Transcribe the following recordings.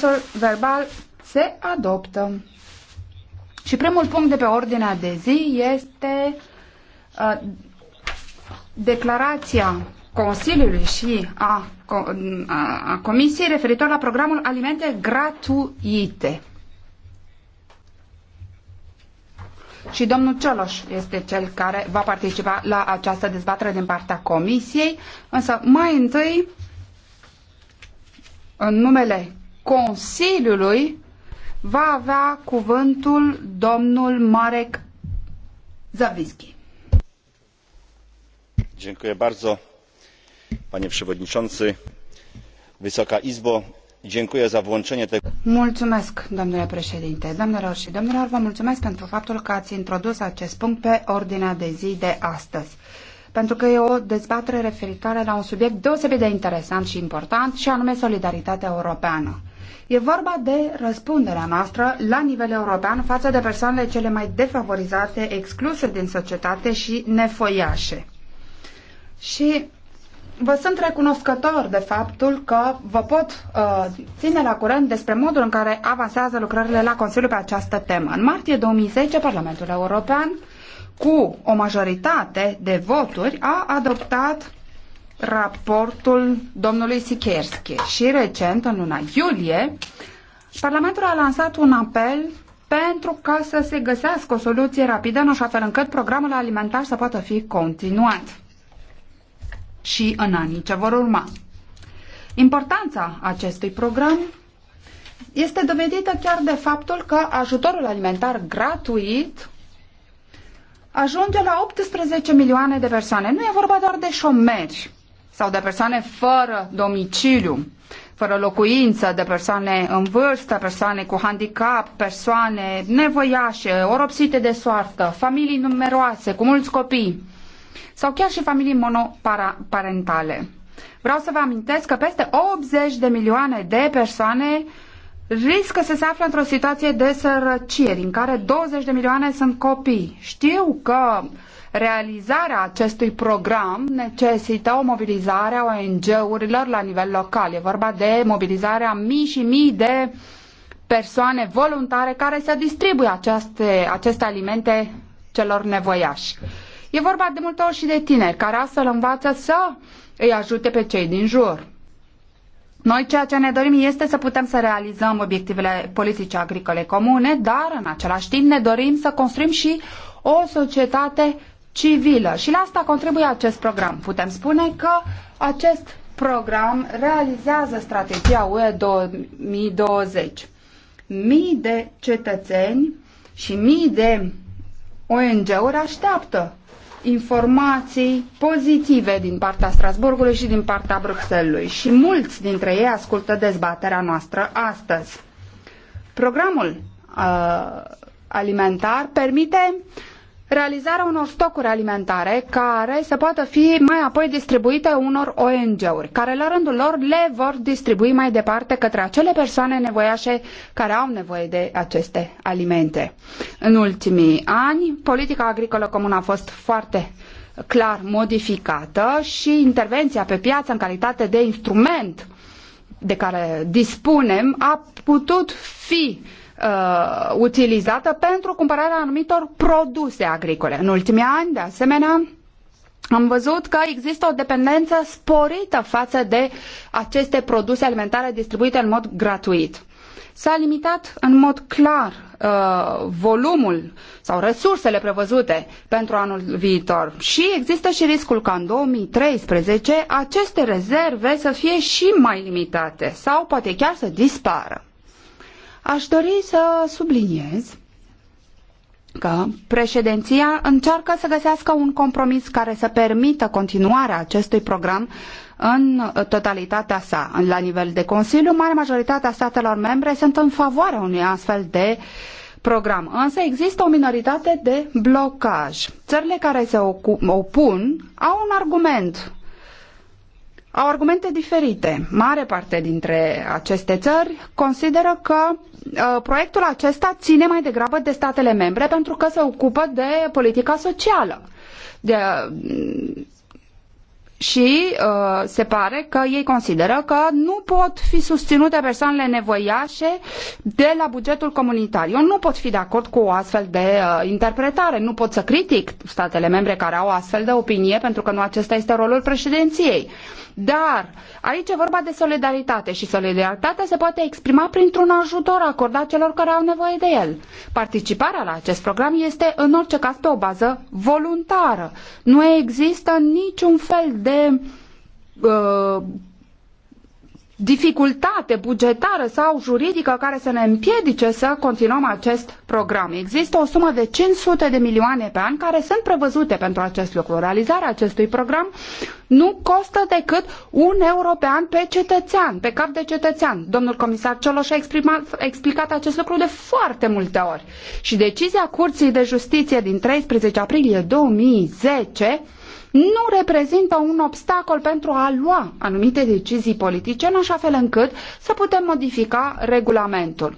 procesul verbal se adoptă. Și primul punct de pe ordinea de zi este uh, declarația Consiliului și a, a, a Comisiei referitor la programul Alimente Gratuite. Și domnul Cioloș este cel care va participa la această dezbatere din partea Comisiei, însă mai întâi, în numele Consiliului va avea cuvântul domnul Marek Zawiski. Dziękuję bardzo, panie przewodniczący. Wysoka Izbo, dziękuję za włączenie tego... Mulțumesc, domnule președinte. Doamnelor și domnilor, vă mulțumesc pentru faptul că ați introdus acest punct pe ordinea de zi de astăzi pentru că e o dezbatere referitoare la un subiect deosebit de interesant și important, și anume solidaritatea europeană. E vorba de răspunderea noastră la nivel european față de persoanele cele mai defavorizate, excluse din societate și nefoiașe. Și vă sunt recunoscător de faptul că vă pot uh, ține la curent despre modul în care avansează lucrările la Consiliu pe această temă. În martie 2010, Parlamentul European, cu o majoritate de voturi, a adoptat raportul domnului Sikerski și recent, în luna iulie, Parlamentul a lansat un apel pentru ca să se găsească o soluție rapidă în așa fel încât programul alimentar să poată fi continuat și în anii ce vor urma. Importanța acestui program este dovedită chiar de faptul că ajutorul alimentar gratuit ajunge la 18 milioane de persoane. Nu e vorba doar de șomeri, sau de persoane fără domiciliu, fără locuință, de persoane în vârstă, persoane cu handicap, persoane nevoiașe, oropsite de soartă, familii numeroase, cu mulți copii sau chiar și familii monoparentale. Vreau să vă amintesc că peste 80 de milioane de persoane riscă să se afle într-o situație de sărăcie, din care 20 de milioane sunt copii. Știu că realizarea acestui program necesită o mobilizare a ONG-urilor la nivel local. E vorba de mobilizarea mii și mii de persoane voluntare care să distribuie aceste, aceste alimente celor nevoiași. E vorba de multe ori și de tineri care astfel învață să îi ajute pe cei din jur. Noi ceea ce ne dorim este să putem să realizăm obiectivele politice agricole comune, dar în același timp ne dorim să construim și o societate civilă și la asta contribuie acest program. Putem spune că acest program realizează strategia UE 2020. Mii de cetățeni și mii de ONG-uri așteaptă informații pozitive din partea Strasburgului și din partea Bruxellesului și mulți dintre ei ascultă dezbaterea noastră astăzi. Programul uh, alimentar permite realizarea unor stocuri alimentare care să poată fi mai apoi distribuite unor ONG-uri, care la rândul lor le vor distribui mai departe către acele persoane nevoiașe care au nevoie de aceste alimente. În ultimii ani, politica agricolă comună a fost foarte clar modificată și intervenția pe piață în calitate de instrument de care dispunem a putut fi uh, uh, utilizată pentru cumpărarea anumitor produse agricole. În ultimii ani, de asemenea, am văzut că există o dependență sporită față de aceste produse alimentare distribuite în mod gratuit. S-a limitat în mod clar uh, volumul sau resursele prevăzute pentru anul viitor și există și riscul ca în 2013 aceste rezerve să fie și mai limitate sau poate chiar să dispară. Aș dori să subliniez că președinția încearcă să găsească un compromis care să permită continuarea acestui program în totalitatea sa. La nivel de Consiliu, mare majoritatea statelor membre sunt în favoarea unui astfel de program. Însă există o minoritate de blocaj. Țările care se opun au un argument au argumente diferite. Mare parte dintre aceste țări consideră că uh, proiectul acesta ține mai degrabă de statele membre pentru că se ocupă de politica socială. De, mm, și uh, se pare că ei consideră că nu pot fi susținute persoanele nevoiașe de la bugetul comunitar. Eu nu pot fi de acord cu o astfel de uh, interpretare, nu pot să critic statele membre care au astfel de opinie, pentru că nu acesta este rolul președinției. Dar aici e vorba de solidaritate și solidaritatea se poate exprima printr-un ajutor acordat celor care au nevoie de el. Participarea la acest program este în orice caz pe o bază voluntară. Nu există niciun fel de uh, dificultate bugetară sau juridică care să ne împiedice să continuăm acest program. Există o sumă de 500 de milioane pe an care sunt prevăzute pentru acest lucru. Realizarea acestui program nu costă decât un euro pe an pe cetățean, pe cap de cetățean. Domnul comisar Cioloș a exprimat, explicat acest lucru de foarte multe ori. Și decizia Curții de Justiție din 13 aprilie 2010 nu reprezintă un obstacol pentru a lua anumite decizii politice în așa fel încât să putem modifica regulamentul.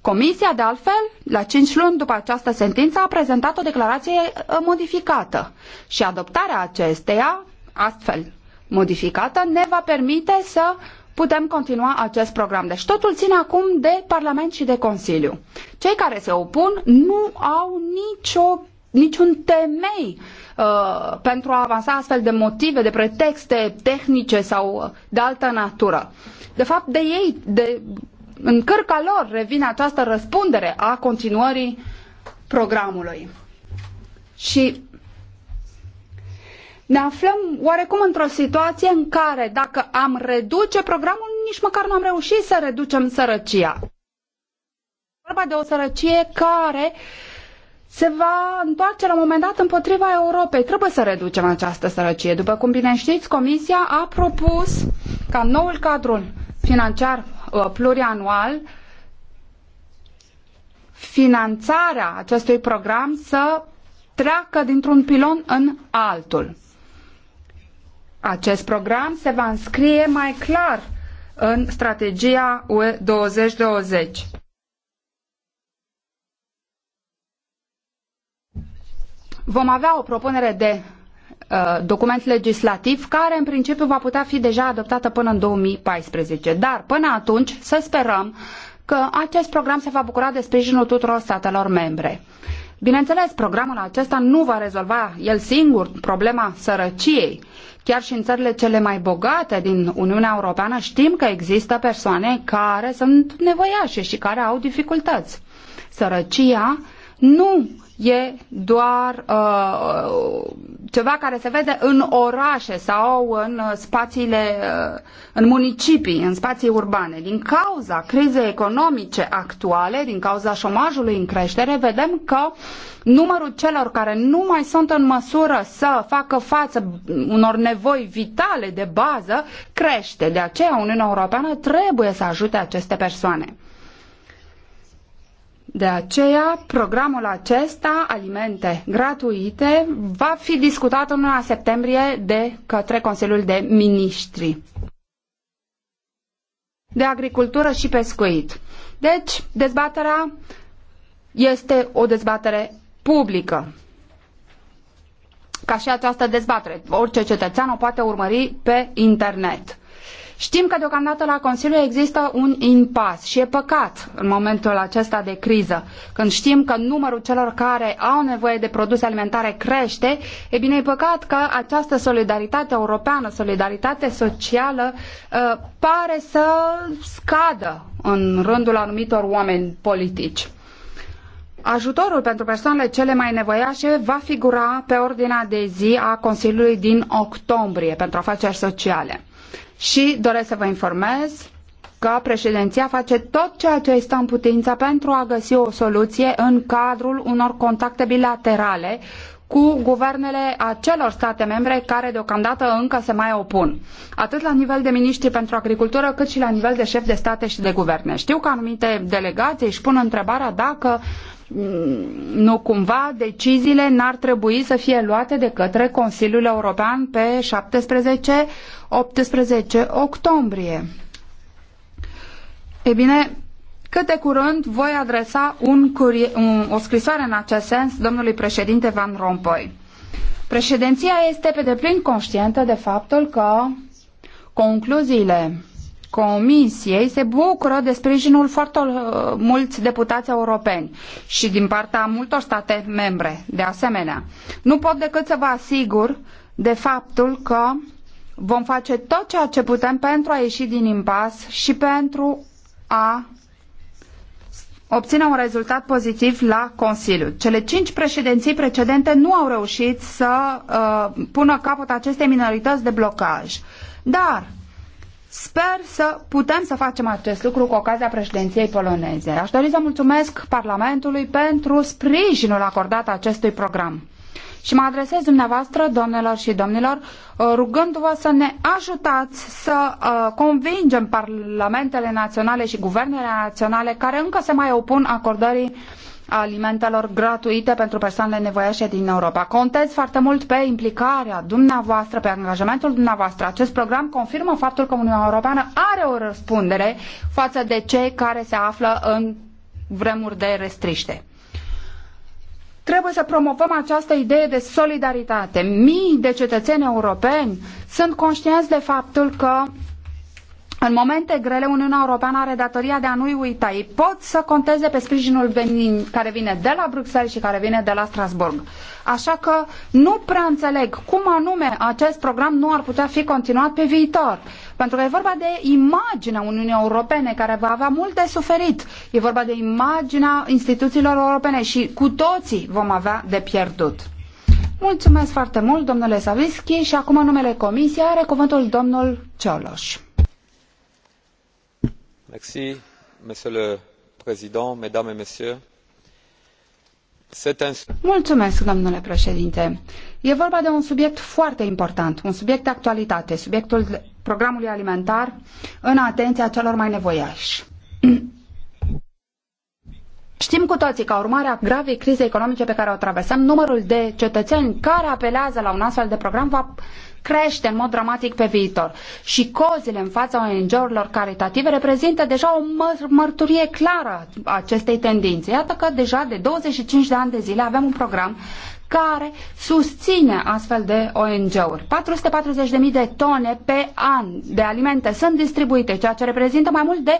Comisia, de altfel, la cinci luni după această sentință, a prezentat o declarație eh, modificată și adoptarea acesteia, astfel modificată, ne va permite să putem continua acest program. Deci totul ține acum de Parlament și de Consiliu. Cei care se opun nu au nicio, niciun temei Uh, pentru a avansa astfel de motive, de pretexte tehnice sau uh, de altă natură. De fapt, de ei, de, în cărca lor revine această răspundere a continuării programului. Și ne aflăm oarecum într-o situație în care dacă am reduce programul, nici măcar nu am reușit să reducem sărăcia. Vorba de o sărăcie care uh, se va întoarce la un moment dat împotriva Europei. Trebuie să reducem această sărăcie. După cum bine știți, Comisia a propus ca noul cadru financiar uh, plurianual finanțarea acestui program să treacă dintr-un pilon în altul. Acest program se va înscrie mai clar în strategia UE 2020. vom avea o propunere de uh, document legislativ care în principiu va putea fi deja adoptată până în 2014. Dar până atunci să sperăm că acest program se va bucura de sprijinul tuturor statelor membre. Bineînțeles, programul acesta nu va rezolva el singur problema sărăciei. Chiar și în țările cele mai bogate din Uniunea Europeană știm că există persoane care sunt nevoiașe și care au dificultăți. Sărăcia nu e doar uh, ceva care se vede în orașe sau în uh, spațiile, uh, în municipii, în spații urbane. Din cauza crizei economice actuale, din cauza șomajului în creștere, vedem că numărul celor care nu mai sunt în măsură să facă față unor nevoi vitale de bază crește. De aceea Uniunea Europeană trebuie să ajute aceste persoane. De aceea, programul acesta, Alimente Gratuite, va fi discutat în luna septembrie de către Consiliul de Ministri de Agricultură și Pescuit. Deci, dezbaterea este o dezbatere publică. Ca și această dezbatere, orice cetățean o poate urmări pe internet. Știm că deocamdată la Consiliu există un impas și e păcat în momentul acesta de criză, când știm că numărul celor care au nevoie de produse alimentare crește, e bine, e păcat că această solidaritate europeană, solidaritate socială, uh, pare să scadă în rândul anumitor oameni politici. Ajutorul pentru persoanele cele mai nevoiașe va figura pe ordinea de zi a Consiliului din octombrie pentru afaceri sociale și doresc să vă informez că președinția face tot ceea ce este în putință pentru a găsi o soluție în cadrul unor contacte bilaterale cu guvernele acelor state membre care deocamdată încă se mai opun, atât la nivel de miniștri pentru agricultură, cât și la nivel de șef de state și de guverne. Știu că anumite delegații își pun întrebarea dacă nu cumva deciziile n-ar trebui să fie luate de către Consiliul European pe 17-18 octombrie. E bine, cât de curând voi adresa un curie, un, o scrisoare în acest sens domnului președinte Van Rompuy. Președinția este pe deplin conștientă de faptul că concluziile Comisiei se bucură de sprijinul foarte uh, mulți deputați europeni și din partea multor state membre, de asemenea. Nu pot decât să vă asigur de faptul că vom face tot ceea ce putem pentru a ieși din impas și pentru a obține un rezultat pozitiv la Consiliu. Cele cinci președinții precedente nu au reușit să uh, pună capăt acestei minorități de blocaj. Dar Sper să putem să facem acest lucru cu ocazia președinției poloneze. Aș dori să mulțumesc Parlamentului pentru sprijinul acordat acestui program. Și mă adresez dumneavoastră, domnilor și domnilor, uh, rugându-vă să ne ajutați să uh, convingem parlamentele naționale și guvernele naționale care încă se mai opun acordării alimentelor gratuite pentru persoanele nevoiașe din Europa. Contez foarte mult pe implicarea dumneavoastră, pe angajamentul dumneavoastră. Acest program confirmă faptul că Uniunea Europeană are o răspundere față de cei care se află în vremuri de restriște. Trebuie să promovăm această idee de solidaritate. Mii de cetățeni europeni sunt conștienți de faptul că în momente grele, Uniunea Europeană are datoria de a nu-i uita. Ei pot să conteze pe sprijinul venin, care vine de la Bruxelles și care vine de la Strasbourg. Așa că nu prea înțeleg cum anume acest program nu ar putea fi continuat pe viitor. Pentru că e vorba de imaginea Uniunii Europene care va avea mult de suferit. E vorba de imaginea instituțiilor europene și cu toții vom avea de pierdut. Mulțumesc foarte mult, domnule Savischi, și acum în numele Comisiei are cuvântul domnul Cioloș monsieur le président mesdames et messieurs e vorba de un subiect foarte important un subiect de actualitate subiectul programului alimentar în atenția celor mai nevoiași. Știm cu toții că urmare a gravei crize economice pe care o traversăm, numărul de cetățeni care apelează la un astfel de program va crește în mod dramatic pe viitor. Și cozile în fața ONG-urilor caritative reprezintă deja o mărturie clară a acestei tendințe. Iată că deja de 25 de ani de zile avem un program care susține astfel de ONG-uri. 440.000 de tone pe an de alimente sunt distribuite, ceea ce reprezintă mai mult de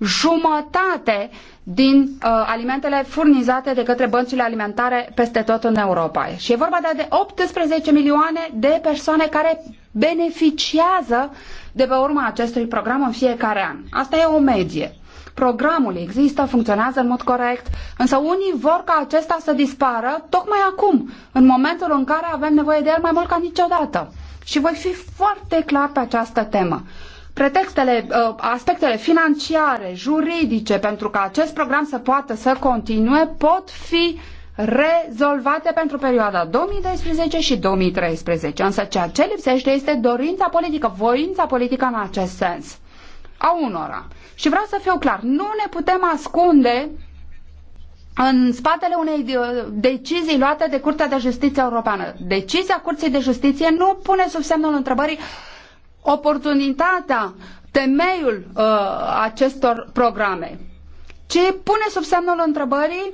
jumătate din uh, alimentele furnizate de către băncile alimentare peste tot în Europa. Și e vorba de de 18 milioane de persoane care beneficiază de pe urma acestui program în fiecare an. Asta e o medie. Programul există, funcționează în mod corect, însă unii vor ca acesta să dispară tocmai acum, în momentul în care avem nevoie de el mai mult ca niciodată. Și voi fi foarte clar pe această temă pretextele, uh, aspectele financiare, juridice, pentru ca acest program să poată să continue, pot fi rezolvate pentru perioada 2012 și 2013. Însă ceea ce lipsește este dorința politică, voința politică în acest sens a unora. Și vreau să fiu clar, nu ne putem ascunde în spatele unei decizii luate de Curtea de Justiție Europeană. Decizia Curții de Justiție nu pune sub semnul întrebării oportunitatea, temeiul uh, acestor programe, ce pune sub semnul întrebării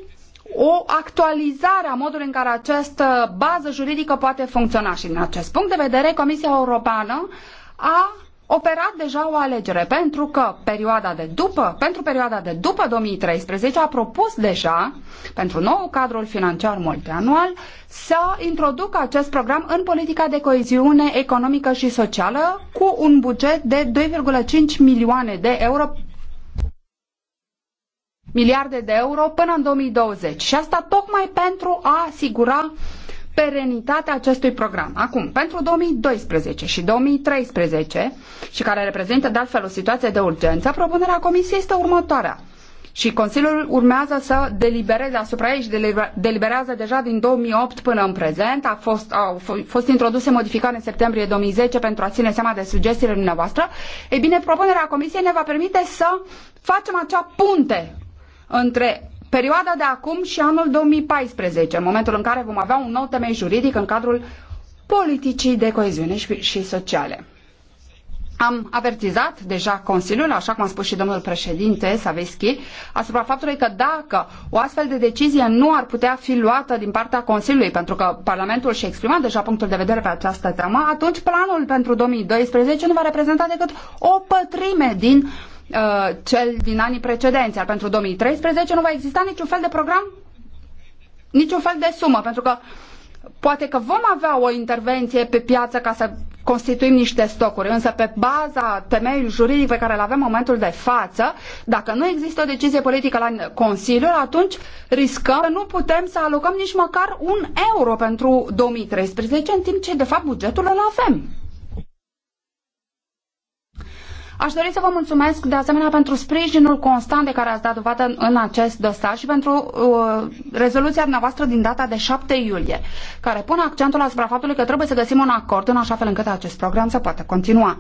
o actualizare a modului în care această bază juridică poate funcționa. Și din acest punct de vedere, Comisia Europeană a operat deja o alegere, pentru că perioada de după, pentru perioada de după 2013 a propus deja, pentru nou cadrul financiar multianual, să introducă acest program în politica de coeziune economică și socială cu un buget de 2,5 milioane de euro miliarde de euro până în 2020. Și asta tocmai pentru a asigura uh, perenitatea acestui program. Acum, pentru 2012 și 2013, și care reprezintă de altfel o situație de urgență, propunerea Comisiei este următoarea. Și Consiliul urmează să delibereze asupra ei și deliberează deja din 2008 până în prezent. A fost, au fost introduse modificări în septembrie 2010 pentru a ține seama de sugestiile dumneavoastră. Ei bine, propunerea Comisiei ne va permite să facem acea punte între perioada de acum și anul 2014, în momentul în care vom avea un nou temei juridic în cadrul politicii de coeziune și, și sociale. Am avertizat deja Consiliul, așa cum a spus și domnul președinte Saveschi, asupra faptului că dacă o astfel de decizie nu ar putea fi luată din partea Consiliului, pentru că Parlamentul și-a exprimat deja punctul de vedere pe această temă, atunci planul pentru 2012 nu va reprezenta decât o pătrime din uh, Uh, cel din anii precedenți, iar pentru 2013 nu va exista niciun fel de program, niciun fel de sumă, pentru că poate că vom avea o intervenție pe piață ca să constituim niște stocuri, însă pe baza temeiului juridic pe care îl avem în momentul de față, dacă nu există o decizie politică la Consiliu, atunci riscăm că nu putem să alocăm nici măcar un euro pentru 2013, în timp ce de fapt bugetul îl avem. Aș dori să vă mulțumesc de asemenea pentru sprijinul constant de care ați dat dovadă în acest dosar și pentru uh, rezoluția dumneavoastră din data de 7 iulie, care pune accentul asupra faptului că trebuie să găsim un acord în așa fel încât acest program să poată continua.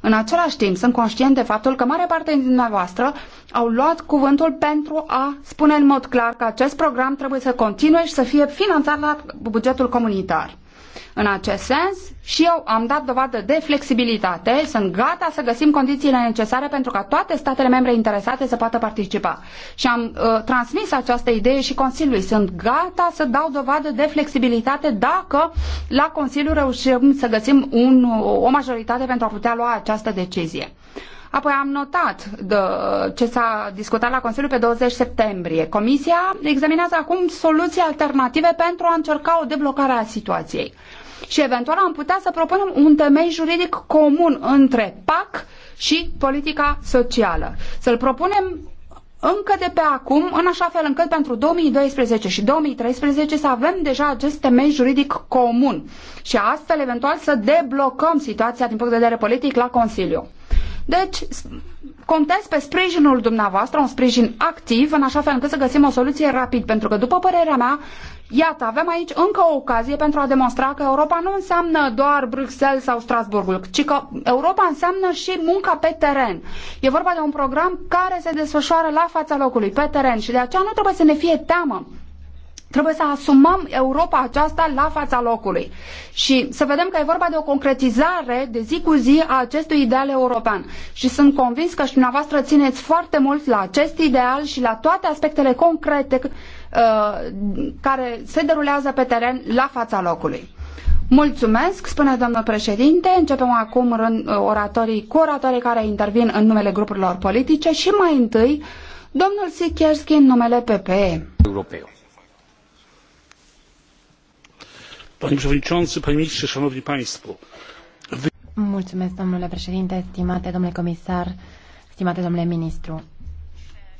În același timp, sunt conștient de faptul că mare parte din dumneavoastră au luat cuvântul pentru a spune în mod clar că acest program trebuie să continue și să fie finanțat la bugetul comunitar. În acest sens, și eu am dat dovadă de flexibilitate, sunt gata să găsim condițiile necesare pentru ca toate statele membre interesate să poată participa. Și am uh, transmis această idee și Consiliului. Sunt gata să dau dovadă de flexibilitate dacă la Consiliu reușim să găsim un, o majoritate pentru a putea lua această decizie. Apoi am notat de, ce s-a discutat la Consiliu pe 20 septembrie. Comisia examinează acum soluții alternative pentru a încerca o deblocare a situației și eventual am putea să propunem un temei juridic comun între PAC și politica socială. Să-l propunem încă de pe acum, în așa fel încât pentru 2012 și 2013 să avem deja acest temei juridic comun și astfel eventual să deblocăm situația din punct de vedere politic la Consiliu. Deci, contez pe sprijinul dumneavoastră, un sprijin activ, în așa fel încât să găsim o soluție rapid, pentru că, după părerea mea, iată, avem aici încă o ocazie pentru a demonstra că Europa nu înseamnă doar Bruxelles sau Strasburgul, ci că Europa înseamnă și munca pe teren. E vorba de un program care se desfășoară la fața locului, pe teren, și de aceea nu trebuie să ne fie teamă Trebuie să asumăm Europa aceasta la fața locului și să vedem că e vorba de o concretizare de zi cu zi a acestui ideal european. Și sunt convins că și dumneavoastră țineți foarte mult la acest ideal și la toate aspectele concrete uh, care se derulează pe teren la fața locului. Mulțumesc, spune domnul președinte. Începem acum rând, uh, oratorii cu oratorii care intervin în numele grupurilor politice și mai întâi domnul Sikierski în numele PPE. Europeu. Mulțumesc, domnule președinte, stimate domnule comisar, stimate domnule ministru.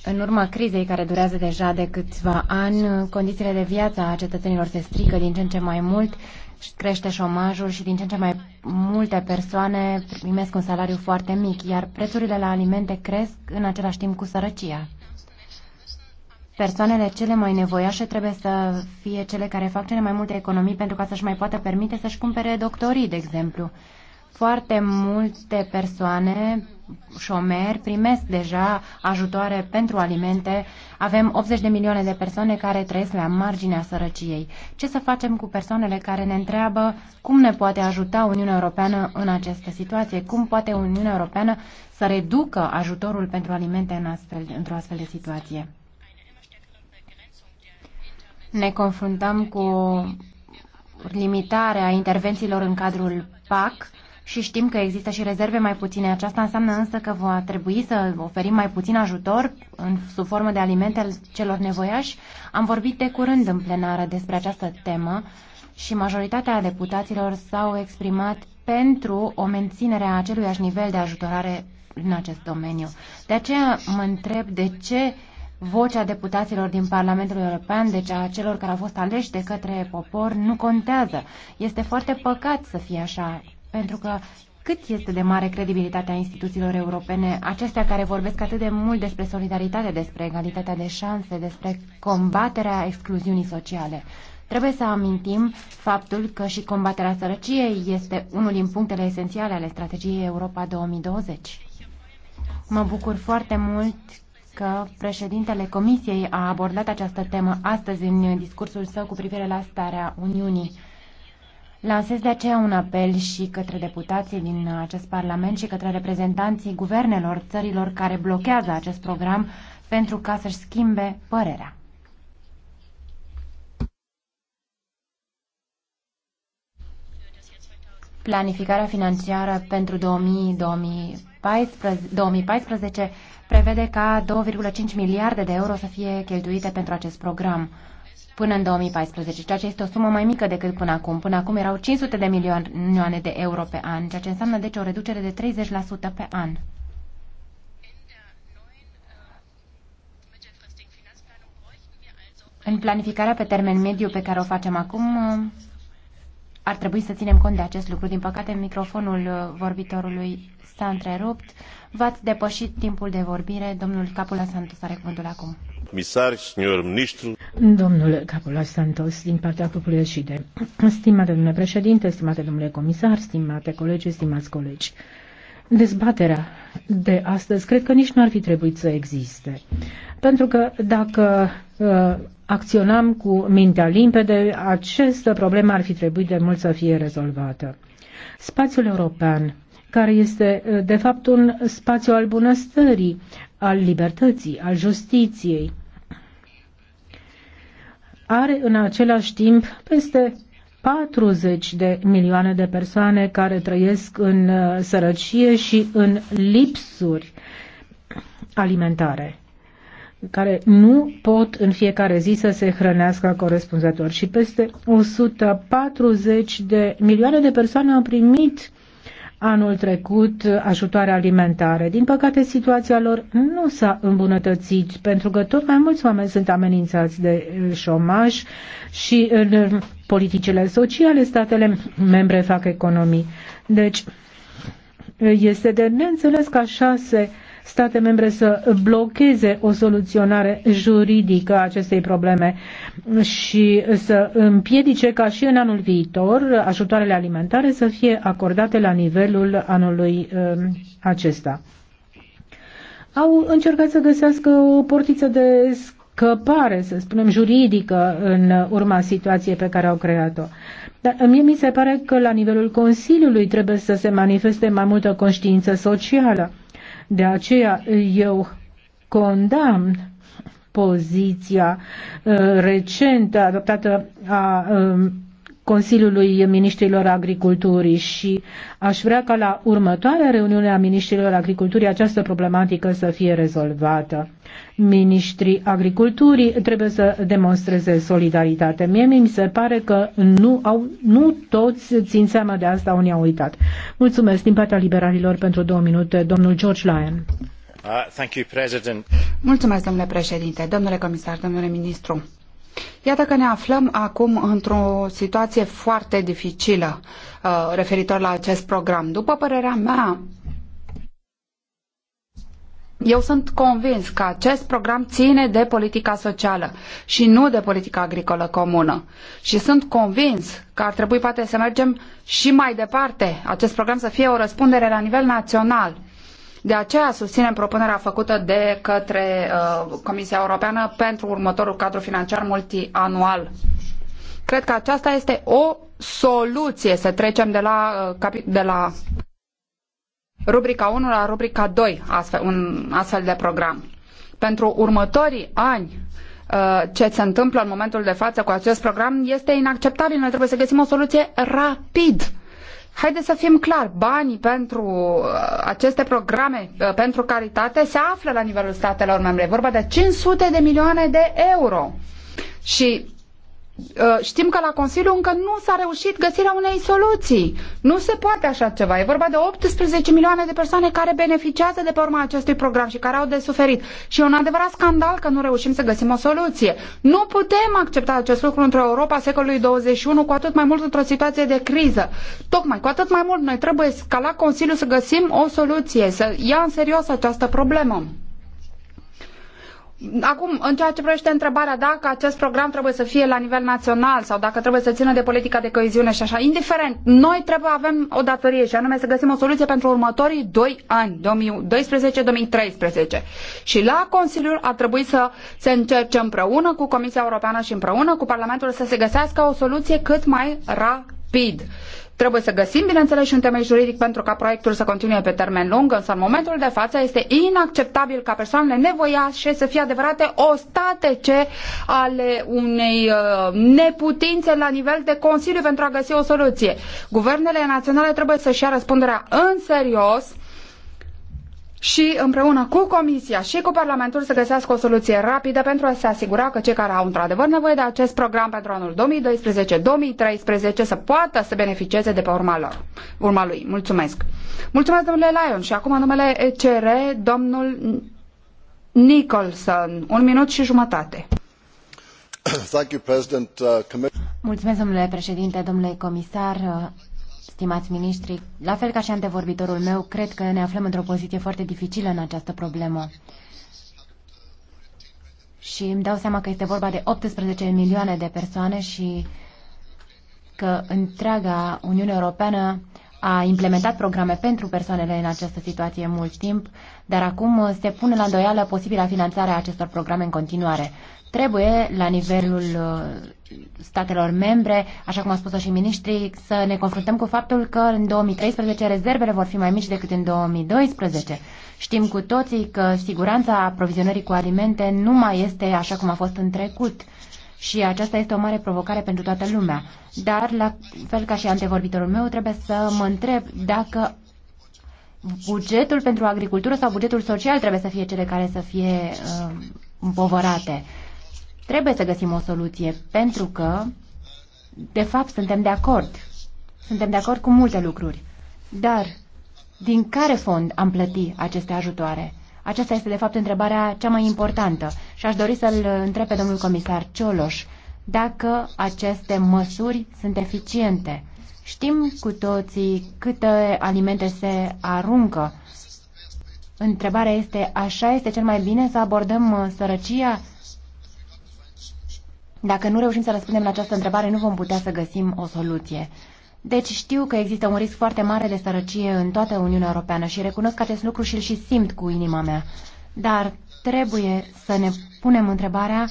În urma crizei care durează deja de câțiva ani, condițiile de viață a cetățenilor se strică din ce în ce mai mult, crește șomajul și din ce în ce mai multe persoane primesc un salariu foarte mic, iar prețurile la alimente cresc în același timp cu sărăcia persoanele cele mai nevoiașe trebuie să fie cele care fac cele mai multe economii pentru ca să-și mai poată permite să-și cumpere doctorii, de exemplu. Foarte multe persoane, șomeri, primesc deja ajutoare pentru alimente. Avem 80 de milioane de persoane care trăiesc la marginea sărăciei. Ce să facem cu persoanele care ne întreabă cum ne poate ajuta Uniunea Europeană în această situație? Cum poate Uniunea Europeană să reducă ajutorul pentru alimente în astfel, într-o astfel de situație? ne confruntăm cu limitarea intervențiilor în cadrul PAC și știm că există și rezerve mai puține. Aceasta înseamnă însă că va trebui să oferim mai puțin ajutor în, sub formă de alimente celor nevoiași. Am vorbit de curând în plenară despre această temă și majoritatea deputaților s-au exprimat pentru o menținere a aceluiași nivel de ajutorare în acest domeniu. De aceea mă întreb de ce vocea deputaților din Parlamentul European, deci a celor care au fost aleși de către popor, nu contează. Este foarte păcat să fie așa, pentru că cât este de mare credibilitatea instituțiilor europene, acestea care vorbesc atât de mult despre solidaritate, despre egalitatea de șanse, despre combaterea excluziunii sociale. Trebuie să amintim faptul că și combaterea sărăciei este unul din punctele esențiale ale strategiei Europa 2020. Mă bucur foarte mult că președintele Comisiei a abordat această temă astăzi în discursul său cu privire la starea Uniunii. Lansez de aceea un apel și către deputații din acest Parlament și către reprezentanții guvernelor țărilor care blochează acest program pentru ca să-și schimbe părerea. Planificarea financiară pentru 2014 prevede ca 2,5 miliarde de euro să fie cheltuite pentru acest program până în 2014, ceea ce este o sumă mai mică decât până acum. Până acum erau 500 de milioane de euro pe an, ceea ce înseamnă deci o reducere de 30% pe an. În planificarea pe termen mediu pe care o facem acum, ar trebui să ținem cont de acest lucru. Din păcate, microfonul uh, vorbitorului s-a întrerupt. V-ați depășit timpul de vorbire. Domnul Capula Santos are cuvântul acum. Comisar, senior ministru. Domnul Capula Santos, din partea grupului SID. Stimate domnule președinte, stimate domnule comisar, stimate colegi, stimați colegi dezbaterea de astăzi cred că nici nu ar fi trebuit să existe. Pentru că dacă uh, acționam cu mintea limpede, această problemă ar fi trebuit de mult să fie rezolvată. Spațiul european, care este uh, de fapt un spațiu al bunăstării, al libertății, al justiției, are în același timp peste 40 de milioane de persoane care trăiesc în uh, sărăcie și în lipsuri alimentare care nu pot în fiecare zi să se hrănească corespunzător și peste 140 de milioane de persoane au primit anul trecut ajutoare alimentare. Din păcate, situația lor nu s-a îmbunătățit, pentru că tot mai mulți oameni sunt amenințați de uh, șomaj și în uh, politicile sociale statele membre fac economii. Deci, este de neînțeles că așa se uh, state membre să blocheze o soluționare juridică a acestei probleme și să împiedice ca și în anul viitor ajutoarele alimentare să fie acordate la nivelul anului um, acesta. Au încercat să găsească o portiță de scăpare, să spunem, juridică în urma situației pe care au creat-o. Dar mie mi se pare că la nivelul Consiliului trebuie să se manifeste mai multă conștiință socială. De aceea eu condamn poziția uh, recentă adoptată a uh, Consiliului Ministrilor Agriculturii și aș vrea ca la următoarea reuniune a Ministrilor Agriculturii această problematică să fie rezolvată. Ministrii Agriculturii trebuie să demonstreze solidaritate. Mie mi se pare că nu, au, nu toți țin seama de asta, unii au uitat. Mulțumesc din partea liberalilor pentru două minute, domnul George Lyon. Uh, thank you, President. Mulțumesc, domnule președinte, domnule comisar, domnule ministru. Iată că ne aflăm acum într-o situație foarte dificilă uh, referitor la acest program. După părerea mea, eu sunt convins că acest program ține de politica socială și nu de politica agricolă comună. Și sunt convins că ar trebui poate să mergem și mai departe. Acest program să fie o răspundere la nivel național de aceea susținem propunerea făcută de către uh, Comisia Europeană pentru următorul cadru financiar multianual. Cred că aceasta este o soluție să trecem de la, uh, de la rubrica 1 la rubrica 2, astfel, un astfel de program. Pentru următorii ani, uh, ce se întâmplă în momentul de față cu acest program este inacceptabil. Noi trebuie să găsim o soluție rapid Haideți să fim clar, banii pentru uh, aceste programe uh, pentru caritate se află la nivelul statelor membre. E vorba de 500 de milioane de euro. Și Uh, știm că la Consiliu încă nu s-a reușit găsirea unei soluții. Nu se poate așa ceva. E vorba de 18 milioane de persoane care beneficiază de pe urma acestui program și care au de suferit. Și e un adevărat scandal că nu reușim să găsim o soluție. Nu putem accepta acest lucru într-o Europa secolului 21, cu atât mai mult într-o situație de criză. Tocmai cu atât mai mult noi trebuie ca la Consiliu să găsim o soluție, să ia în serios această problemă. Acum, în ceea ce privește întrebarea dacă acest program trebuie să fie la nivel național sau dacă trebuie să țină de politica de coeziune și așa, indiferent, noi trebuie să avem o datorie și anume să găsim o soluție pentru următorii doi ani, 2012-2013. Și la Consiliul ar trebui să se încerce împreună cu Comisia Europeană și împreună cu Parlamentul să se găsească o soluție cât mai rapid. Trebuie să găsim, bineînțeles, și un temei juridic pentru ca proiectul să continue pe termen lung, însă în momentul de față este inacceptabil ca persoanele nevoiașe să fie adevărate ostatece ale unei uh, neputințe la nivel de Consiliu pentru a găsi o soluție. Guvernele naționale trebuie să-și ia răspunderea în serios și împreună cu Comisia și cu Parlamentul să găsească o soluție rapidă pentru a se asigura că cei care au într-adevăr nevoie de acest program pentru anul 2012-2013 să poată să beneficieze de pe urma, lor, urma lui. Mulțumesc! Mulțumesc, domnule Lion, și acum numele ECR, domnul Nicholson. Un minut și jumătate. Uh, Mulțumesc, domnule președinte, domnule comisar. Stimați miniștri, la fel ca și antevorbitorul meu, cred că ne aflăm într-o poziție foarte dificilă în această problemă. Și îmi dau seama că este vorba de 18 milioane de persoane și că întreaga Uniune Europeană a implementat programe pentru persoanele în această situație mult timp, dar acum se pune la îndoială posibila finanțarea acestor programe în continuare. Trebuie, la nivelul uh, statelor membre, așa cum a spus-o și ministrii, să ne confruntăm cu faptul că în 2013 rezervele vor fi mai mici decât în 2012. Știm cu toții că siguranța aprovizionării cu alimente nu mai este așa cum a fost în trecut și aceasta este o mare provocare pentru toată lumea. Dar, la fel ca și antevorbitorul meu, trebuie să mă întreb dacă bugetul pentru agricultură sau bugetul social trebuie să fie cele care să fie uh, împovărate. Trebuie să găsim o soluție, pentru că, de fapt, suntem de acord. Suntem de acord cu multe lucruri. Dar, din care fond am plăti aceste ajutoare? Aceasta este, de fapt, întrebarea cea mai importantă. Și aș dori să-l întreb pe domnul comisar Cioloș dacă aceste măsuri sunt eficiente. Știm cu toții câte alimente se aruncă. Întrebarea este, așa este cel mai bine să abordăm uh, sărăcia? Dacă nu reușim să răspundem la această întrebare, nu vom putea să găsim o soluție. Deci știu că există un risc foarte mare de sărăcie în toată Uniunea Europeană și recunosc acest lucru și îl și simt cu inima mea. Dar trebuie să ne punem întrebarea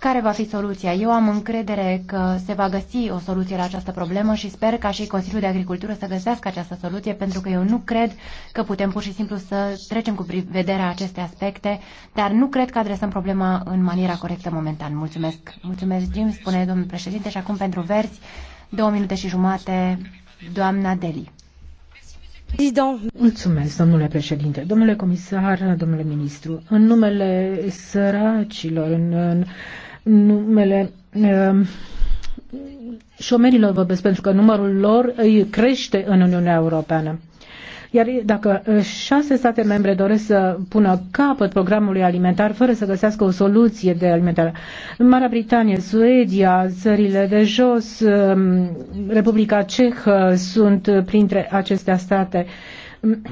care va fi soluția? Eu am încredere că se va găsi o soluție la această problemă și sper ca și Consiliul de Agricultură să găsească această soluție, pentru că eu nu cred că putem pur și simplu să trecem cu vederea aceste aspecte, dar nu cred că adresăm problema în maniera corectă momentan. Mulțumesc. Mulțumesc, Jim, spune domnul președinte, și acum pentru verzi, două minute și jumate, doamna Deli. Mulțumesc, domnule președinte, domnule comisar, domnule ministru. În numele săracilor, în, în numele ehm, șomerilor vorbesc, pentru că numărul lor îi crește în Uniunea Europeană. Iar dacă șase state membre doresc să pună capăt programului alimentar fără să găsească o soluție de alimentare, Marea Britanie, Suedia, țările de jos, ehm, Republica Cehă sunt printre acestea state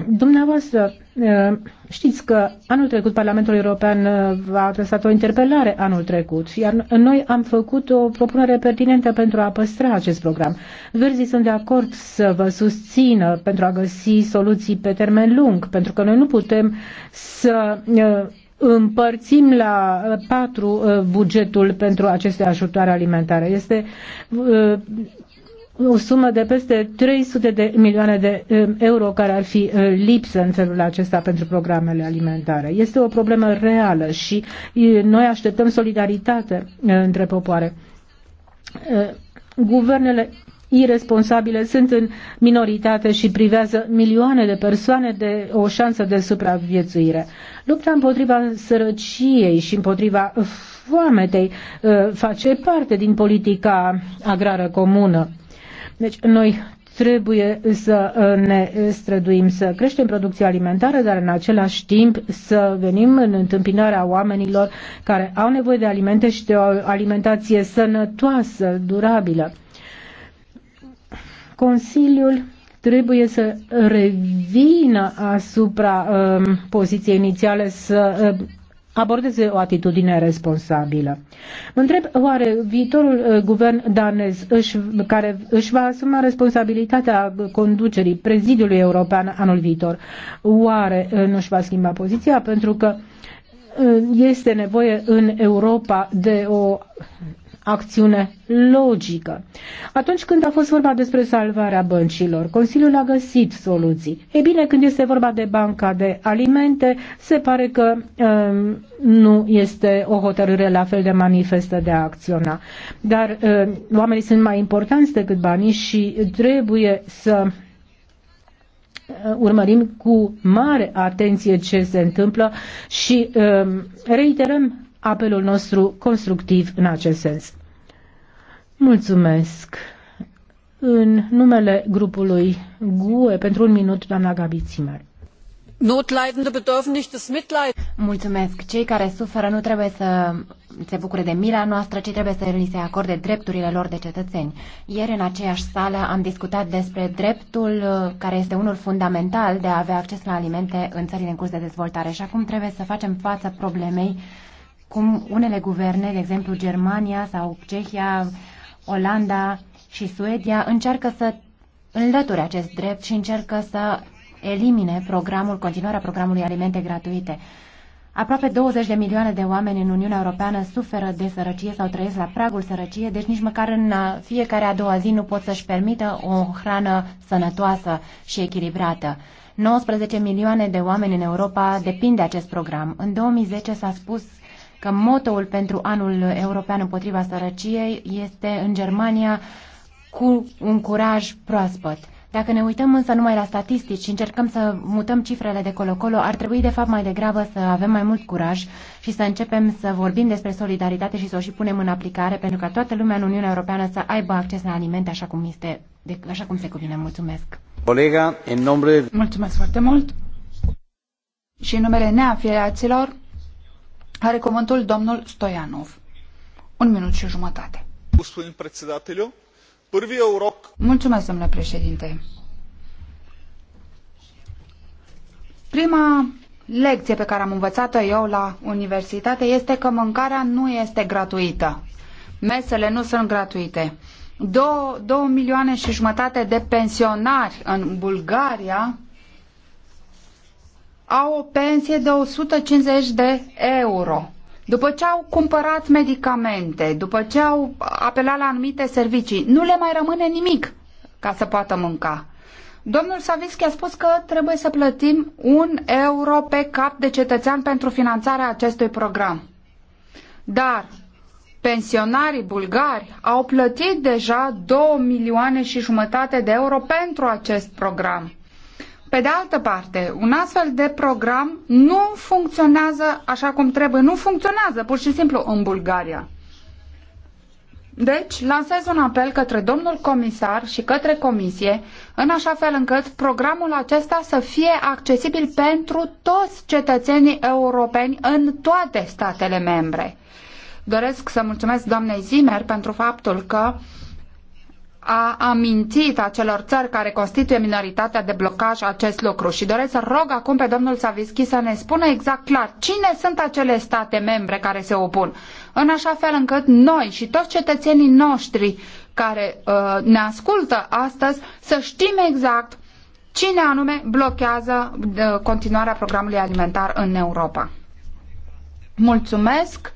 Dumneavoastră, eh, știți că anul trecut Parlamentul European v-a eh, adresat o interpelare anul trecut, iar noi am făcut o propunere pertinentă pentru a păstra acest program. Verzii sunt de acord să vă susțină pentru a găsi soluții pe termen lung, pentru că noi nu putem să eh, împărțim la patru bugetul pentru aceste ajutoare alimentare. Este o sumă de peste 300 de milioane de eh, euro care ar fi eh, lipsă în felul acesta pentru programele alimentare. Este o problemă reală și eh, noi așteptăm solidaritate între popoare. Guvernele irresponsabile sunt în minoritate și privează milioane de persoane de o șansă de supraviețuire. Lupta împotriva sărăciei și împotriva foametei face parte din politica agrară comună. Deci noi trebuie să uh, ne străduim să creștem producția alimentară, dar în același timp să venim în întâmpinarea oamenilor care au nevoie de alimente și de o alimentație sănătoasă, durabilă. Consiliul trebuie să revină asupra uh, poziției inițiale, să uh, abordeze o atitudine responsabilă. Mă întreb oare viitorul uh, guvern danez își, care își va asuma responsabilitatea conducerii prezidiului european anul viitor, oare uh, nu își va schimba poziția pentru că uh, este nevoie în Europa de o acțiune logică. Atunci când a fost vorba despre salvarea băncilor, Consiliul a găsit soluții. E bine, când este vorba de banca de alimente, se pare că um, nu este o hotărâre la fel de manifestă de a acționa. Dar um, oamenii sunt mai importanți decât banii și trebuie să uh, urmărim cu mare atenție ce se întâmplă și um, reiterăm apelul nostru constructiv în acest sens. Mulțumesc. În numele grupului GUE, pentru un minut, doamna Gabi Zimmer. Notleidende bedürfen nicht des Mitleid. Mulțumesc. Cei care suferă nu trebuie să se bucure de mila noastră, ci trebuie să li se acorde drepturile lor de cetățeni. Ieri, în aceeași sală, am discutat despre dreptul care este unul fundamental de a avea acces la alimente în țările în curs de dezvoltare și acum trebuie să facem față problemei uh, cum unele guverne, de exemplu Germania sau Cehia, Olanda și Suedia, încearcă să înlăture acest drept și încearcă să elimine programul, continuarea programului Alimente Gratuite. Aproape 20 de milioane de oameni în Uniunea Europeană suferă de sărăcie sau trăiesc la pragul sărăciei, deci nici măcar în uh, fiecare a doua zi nu pot să-și permită o hrană sănătoasă și echilibrată. 19 milioane de oameni în Europa depind de acest program. În 2010 s-a spus că motoul pentru anul european împotriva sărăciei este în Germania cu un curaj proaspăt. Dacă ne uităm însă numai la statistici și încercăm să mutăm cifrele de colo-colo, ar trebui de fapt mai degrabă să avem mai mult curaj și să începem să vorbim despre solidaritate și să o și punem în aplicare pentru ca toată lumea în Uniunea Europeană să aibă acces la alimente așa cum, este, de, așa cum se cuvine. Mulțumesc! Colega, în nombre... Mulțumesc foarte mult! Și în numele neafiliaților, are cuvântul domnul Stoianov. Un minut și jumătate. Mulțumesc, domnule președinte. Prima lecție pe care am învățat-o eu la universitate este că mâncarea nu este gratuită. Mesele nu sunt gratuite. Două, două milioane și jumătate de pensionari în Bulgaria au o pensie de 150 de euro. După ce au cumpărat medicamente, după ce au apelat la anumite servicii, nu le mai rămâne nimic ca să poată mânca. Domnul Savischi a spus că trebuie să plătim un euro pe cap de cetățean pentru finanțarea acestui program. Dar pensionarii bulgari au plătit deja 2 milioane și jumătate de euro pentru acest program. Pe de altă parte, un astfel de program nu funcționează așa cum trebuie, nu funcționează pur și simplu în Bulgaria. Deci, lansez un apel către domnul comisar și către comisie, în așa fel încât programul acesta să fie accesibil pentru toți cetățenii europeni în toate statele membre. Doresc să mulțumesc doamnei Zimmer pentru faptul că uh, a amintit acelor țări care constituie minoritatea de blocaj acest lucru și doresc să rog acum pe domnul Savischi să ne spună exact clar cine sunt acele state membre care se opun, în așa fel încât noi și toți cetățenii noștri care uh, ne ascultă astăzi să știm exact cine anume blochează uh, continuarea programului alimentar în Europa. Mulțumesc!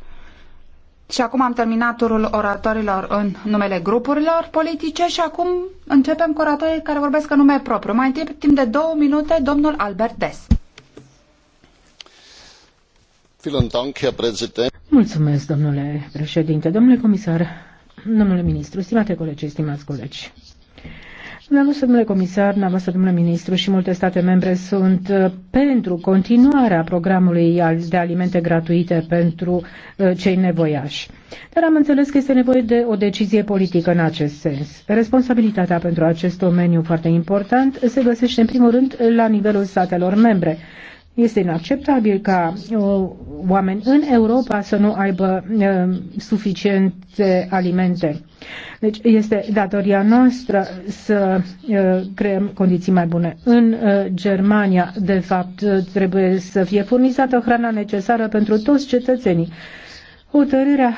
Și acum am terminat turul oratorilor în numele grupurilor politice și acum începem cu oratorii care vorbesc în nume propriu. Mai întâi, timp de două minute, domnul Albert Des. Mulțumesc, domnule președinte, domnule comisar, domnule ministru, stimate colegi, stimați colegi. Dumneavoastră, domnule comisar, dumneavoastră, domnule ministru și multe state membre sunt uh, pentru continuarea programului de alimente gratuite pentru uh, cei nevoiași. Dar am înțeles că este nevoie de o decizie politică în acest sens. Responsabilitatea pentru acest domeniu foarte important se găsește în primul rând la nivelul statelor membre. Este inacceptabil ca uh, oameni în Europa să nu aibă uh, suficiente alimente. Deci este datoria noastră să uh, creăm condiții mai bune. În Germania, de fapt, trebuie să fie furnizată hrana necesară pentru toți cetățenii Hotărârea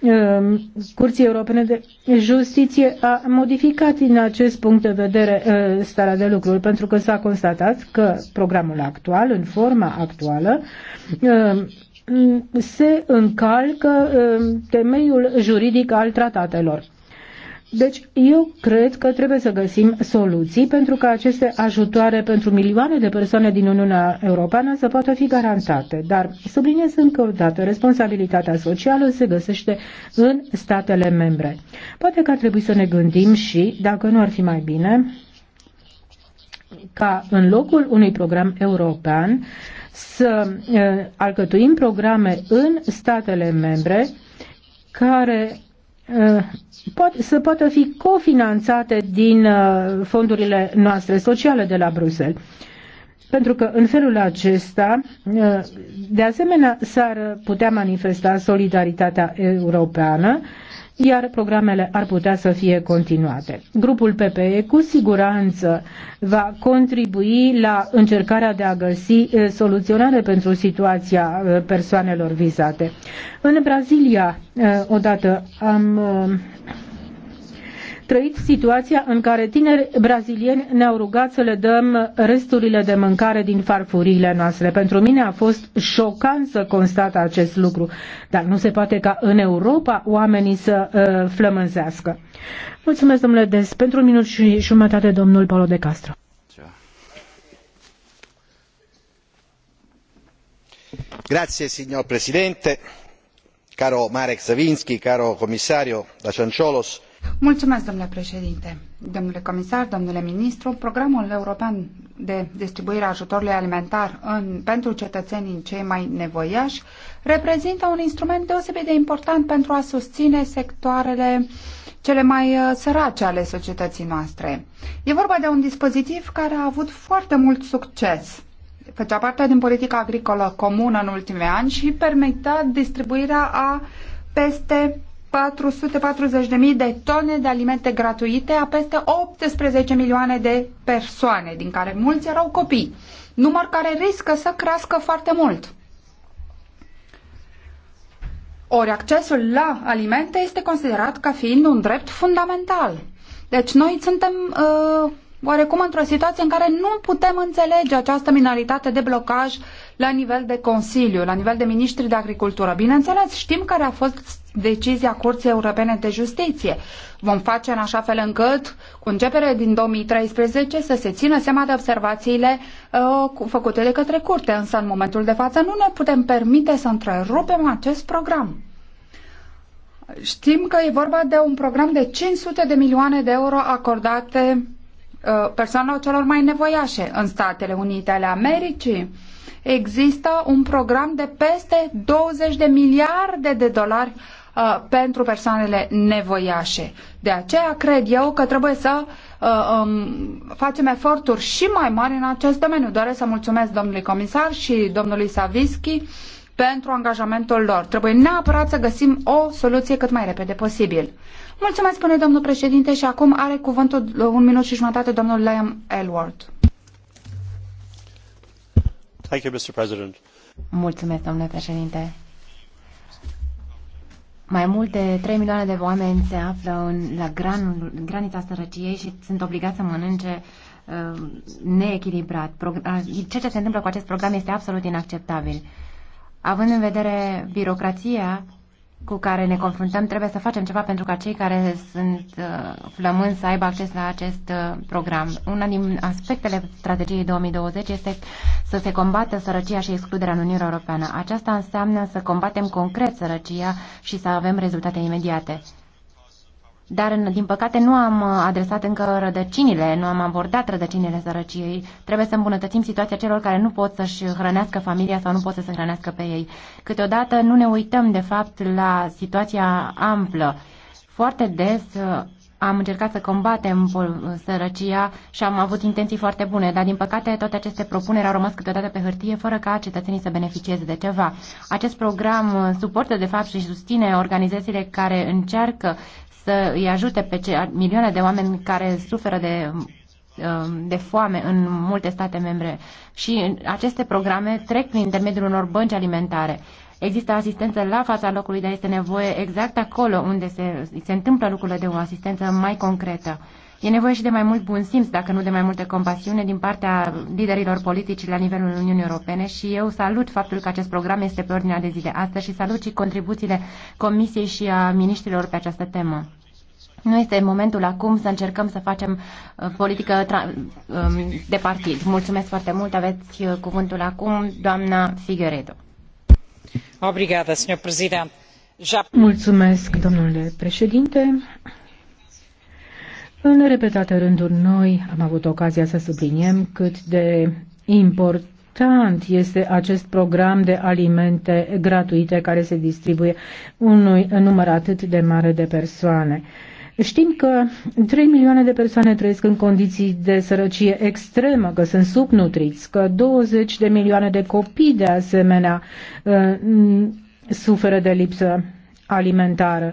um, Curții Europene de Justiție a modificat din acest punct de vedere uh, starea de lucruri, pentru că s-a constatat că programul actual, în forma actuală, um, se încalcă um, temeiul juridic al tratatelor. Deci eu cred că trebuie să găsim soluții pentru ca aceste ajutoare pentru milioane de persoane din Uniunea Europeană să poată fi garantate. Dar subliniez încă o dată, responsabilitatea socială se găsește în statele membre. Poate că ar trebui să ne gândim și, dacă nu ar fi mai bine, ca în locul unui program european să alcătuim programe în statele membre care pot, să poată fi cofinanțate din uh, fondurile noastre sociale de la Bruxelles. Pentru că în felul acesta, uh, de asemenea, s-ar putea manifesta solidaritatea europeană iar programele ar putea să fie continuate. Grupul PPE cu siguranță va contribui la încercarea de a găsi soluționare pentru situația persoanelor vizate. În Brazilia, odată am trăit situația în care tineri brazilieni ne-au rugat să le dăm resturile de mâncare din farfuriile noastre. Pentru mine a fost șocant să constat acest lucru, dar nu se poate ca în Europa oamenii să uh, flămânzească. Mulțumesc, domnule Des. Pentru un minut și jumătate, domnul Paulo de Castro. Grazie, signor Presidente, caro Marek Savinski, caro Comisario da Cianciolos Mulțumesc, domnule președinte. Domnule comisar, domnule ministru, programul european de distribuire a ajutorului alimentar în, pentru cetățenii cei mai nevoiași reprezintă un instrument deosebit de important pentru a susține sectoarele cele mai uh, sărace ale societății noastre. E vorba de un dispozitiv care a avut foarte mult succes făcea parte din politica agricolă comună în ultimii ani și permitea distribuirea a peste 440.000 de tone de alimente gratuite a peste 18 milioane de persoane, din care mulți erau copii, număr care riscă să crească foarte mult. Ori accesul la alimente este considerat ca fiind un drept fundamental. Deci noi suntem uh, oarecum într-o situație în care nu putem înțelege această minoritate de blocaj la nivel de Consiliu, la nivel de Ministri de Agricultură. Bineînțeles, știm care a fost decizia Curții Europene de Justiție. Vom face în așa fel încât, cu începere din 2013, să se țină seama de observațiile uh, făcute de către Curte, însă în momentul de față nu ne putem permite să întrerupem acest program. Știm că e vorba de un program de 500 de milioane de euro acordate Uh, persoanelor celor mai nevoiașe. În Statele Unite ale Americii există un program de peste 20 de miliarde de dolari uh, pentru persoanele nevoiașe. De aceea cred eu că trebuie să uh, um, facem eforturi și mai mari în acest domeniu. Doresc să mulțumesc domnului comisar și domnului Savischi pentru angajamentul lor. Trebuie neapărat să găsim o soluție cât mai repede posibil. Mulțumesc, spune domnul președinte, și acum are cuvântul un minut și jumătate domnul Liam Elward. Thank you, Mr. President. Mulțumesc, domnule președinte. Mai mult de 3 milioane de oameni se află în, la gran, în granița sărăciei și sunt obligați să mănânce uh, neechilibrat. ceea ce se întâmplă cu acest program este absolut inacceptabil. Având în vedere birocrația cu care ne confruntăm, trebuie să facem ceva pentru ca cei care sunt uh, flămâni să aibă acces la acest uh, program. Una din aspectele strategiei 2020 este să se combată sărăcia și excluderea în Uniunea Europeană. Aceasta înseamnă să combatem concret sărăcia și să avem rezultate imediate dar din păcate nu am uh, adresat încă rădăcinile, nu am abordat rădăcinile sărăciei. Trebuie să îmbunătățim situația celor care nu pot să-și hrănească familia sau nu pot să se hrănească pe ei. Câteodată nu ne uităm de fapt la situația amplă. Foarte des uh, am încercat să combatem sărăcia și am avut intenții foarte bune, dar din păcate toate aceste propuneri au rămas câteodată pe hârtie fără ca cetățenii să beneficieze de ceva. Acest program uh, suportă de fapt și susține organizațiile care încearcă să îi ajute pe cei milioane de oameni care suferă de um, de foame în multe state membre și aceste programe trec prin intermediul unor bănci alimentare. Există asistență la fața locului, dar este nevoie exact acolo unde se, se întâmplă lucrurile de o asistență mai concretă. E nevoie și de mai mult bun simț, dacă nu de mai multă compasiune din partea liderilor politici la nivelul Uniunii Europene și eu salut faptul că acest program este pe ordinea de zi de astăzi și salut și contribuțiile Comisiei și a ministrilor pe această temă. Nu este momentul acum să încercăm să facem uh, politică um, de partid. Mulțumesc foarte mult. Aveți uh, cuvântul acum, doamna Figueredo. Obrigada, senhor Mulțumesc, domnule președinte. În repetate rânduri noi am avut ocazia să subliniem cât de important important este acest program de alimente gratuite care se distribuie unui număr atât de mare de persoane. Știm că 3 milioane de persoane trăiesc în condiții de sărăcie extremă, că sunt subnutriți, că 20 de milioane de copii de asemenea uh, suferă de lipsă alimentară.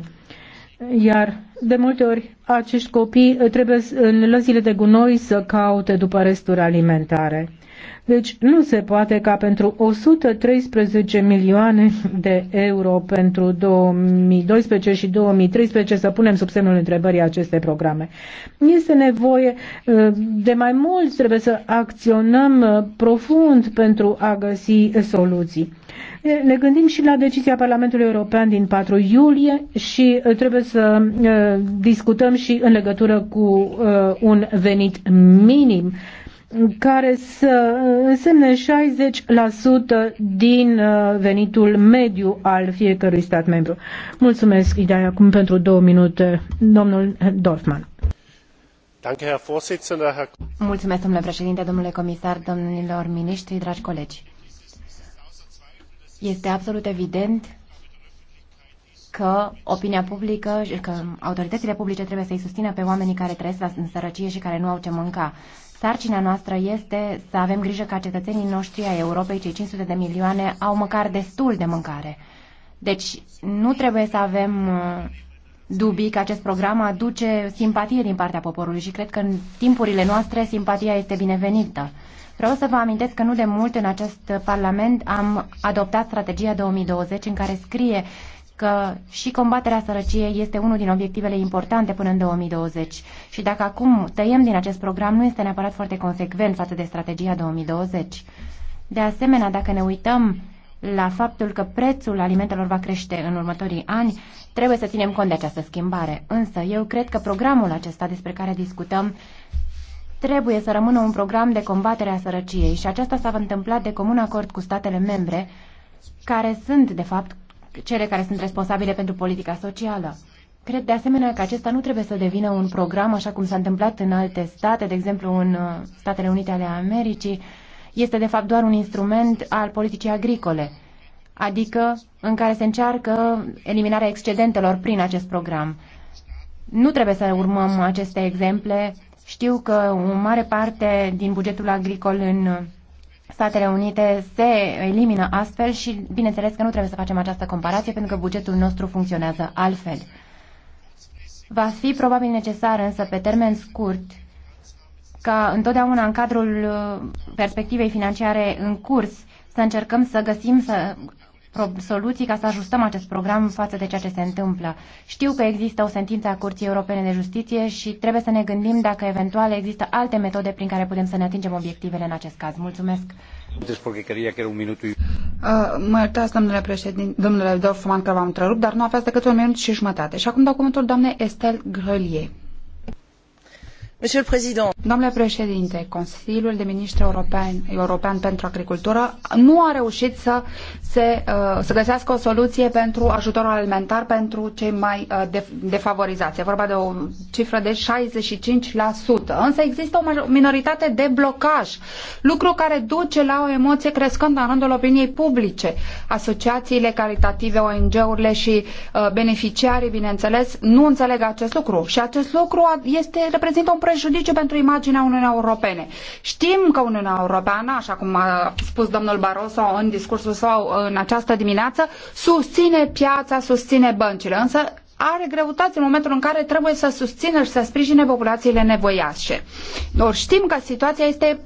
Iar de multe ori acești copii trebuie în lăzile de gunoi să caute după resturi alimentare. Deci nu se poate ca pentru 113 milioane de euro pentru 2012 și 2013 să punem sub semnul întrebării aceste programe. Este nevoie uh, de mai mult, trebuie să acționăm uh, profund pentru a găsi soluții. Ne gândim și la decizia Parlamentului European din 4 iulie și uh, trebuie să discutăm și în legătură cu un venit minim care să însemne 60% din uh, venitul mediu al fiecărui stat membru. Mulțumesc, Idai, acum pentru două minute, domnul Dorfman. Mulțumesc, domnule președinte, domnule comisar, domnilor miniștri, dragi colegi. Este absolut evident că opinia publică, că autoritățile publice trebuie să-i susțină pe oamenii care trăiesc în sărăcie și care nu au ce mânca. Sarcina noastră este să avem grijă ca cetățenii noștri ai Europei, cei 500 de milioane, au măcar destul de mâncare. Deci nu trebuie să avem uh, dubii că acest program aduce simpatie din partea poporului și cred că în timpurile noastre simpatia este binevenită. Vreau să vă amintesc că nu de mult în acest Parlament am adoptat strategia 2020 în care scrie că și combaterea sărăciei este unul din obiectivele importante până în 2020 și dacă acum tăiem din acest program, nu este neapărat foarte consecvent față de strategia 2020. De asemenea, dacă ne uităm la faptul că prețul alimentelor va crește în următorii ani, trebuie să ținem cont de această schimbare. Însă, eu cred că programul acesta despre care discutăm trebuie să rămână un program de combatere a sărăciei și aceasta s-a întâmplat de comun acord cu statele membre, care sunt, de fapt, cele care sunt responsabile pentru politica socială. Cred de asemenea că acesta nu trebuie să devină un program așa cum s-a întâmplat în alte state, de exemplu în uh, Statele Unite ale Americii. Este de fapt doar un instrument al politicii agricole, adică în care se încearcă eliminarea excedentelor prin acest program. Nu trebuie să urmăm aceste exemple. Știu că o mare parte din bugetul agricol în Statele Unite se elimină astfel și, bineînțeles, că nu trebuie să facem această comparație pentru că bugetul nostru funcționează altfel. Va fi probabil necesar însă pe termen scurt ca întotdeauna în cadrul uh, perspectivei financiare în curs să încercăm să găsim să soluții ca să ajustăm acest program față de ceea ce se întâmplă. Știu că există o sentință a Curții Europene de Justiție și trebuie să ne gândim dacă eventual există alte metode prin care putem să ne atingem obiectivele în acest caz. Mulțumesc! Uh, mă iertați, domnule președinte, domnule Dorfman, că v-am întrerupt, dar nu aveați decât un minut și jumătate. Și acum documentul doamnei Estelle Grelier. Domnule președinte, Consiliul de Ministri European, European pentru Agricultură nu a reușit să, se, uh, să găsească o soluție pentru ajutorul alimentar pentru cei mai uh, defavorizați. E vorba de o cifră de 65%. Însă există o minoritate de blocaj, lucru care duce la o emoție crescândă în rândul opiniei publice. Asociațiile caritative, ONG-urile și uh, beneficiarii, bineînțeles, nu înțeleg acest lucru. Și acest lucru este, reprezintă un prejudiciu pentru imaginea Uniunii Europene. Știm că Uniunea Europeană, așa cum a spus domnul Barroso în discursul său în această dimineață, susține piața, susține băncile, însă are greutăți în momentul în care trebuie să susțină și să sprijine populațiile nevoiașe. Or, știm că situația este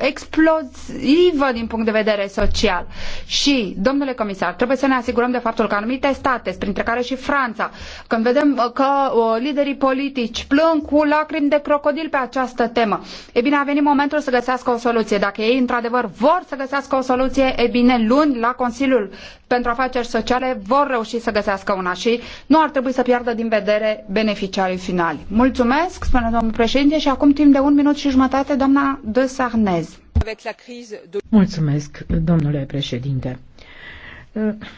explozivă din punct de vedere social. Și, domnule comisar, trebuie să ne asigurăm de faptul că anumite state, printre care și Franța, când vedem uh, că uh, liderii politici plâng cu lacrimi de crocodil pe această temă, e bine, a venit momentul să găsească o soluție. Dacă ei, într-adevăr, vor să găsească o soluție, e bine, luni la Consiliul pentru Afaceri Sociale vor reuși să găsească una și nu ar trebui să piardă din vedere beneficiarii finali. Mulțumesc, spune domnul președinte, și acum timp de un minut și jumătate, doamna de Sarnez. Mulțumesc, domnule președinte.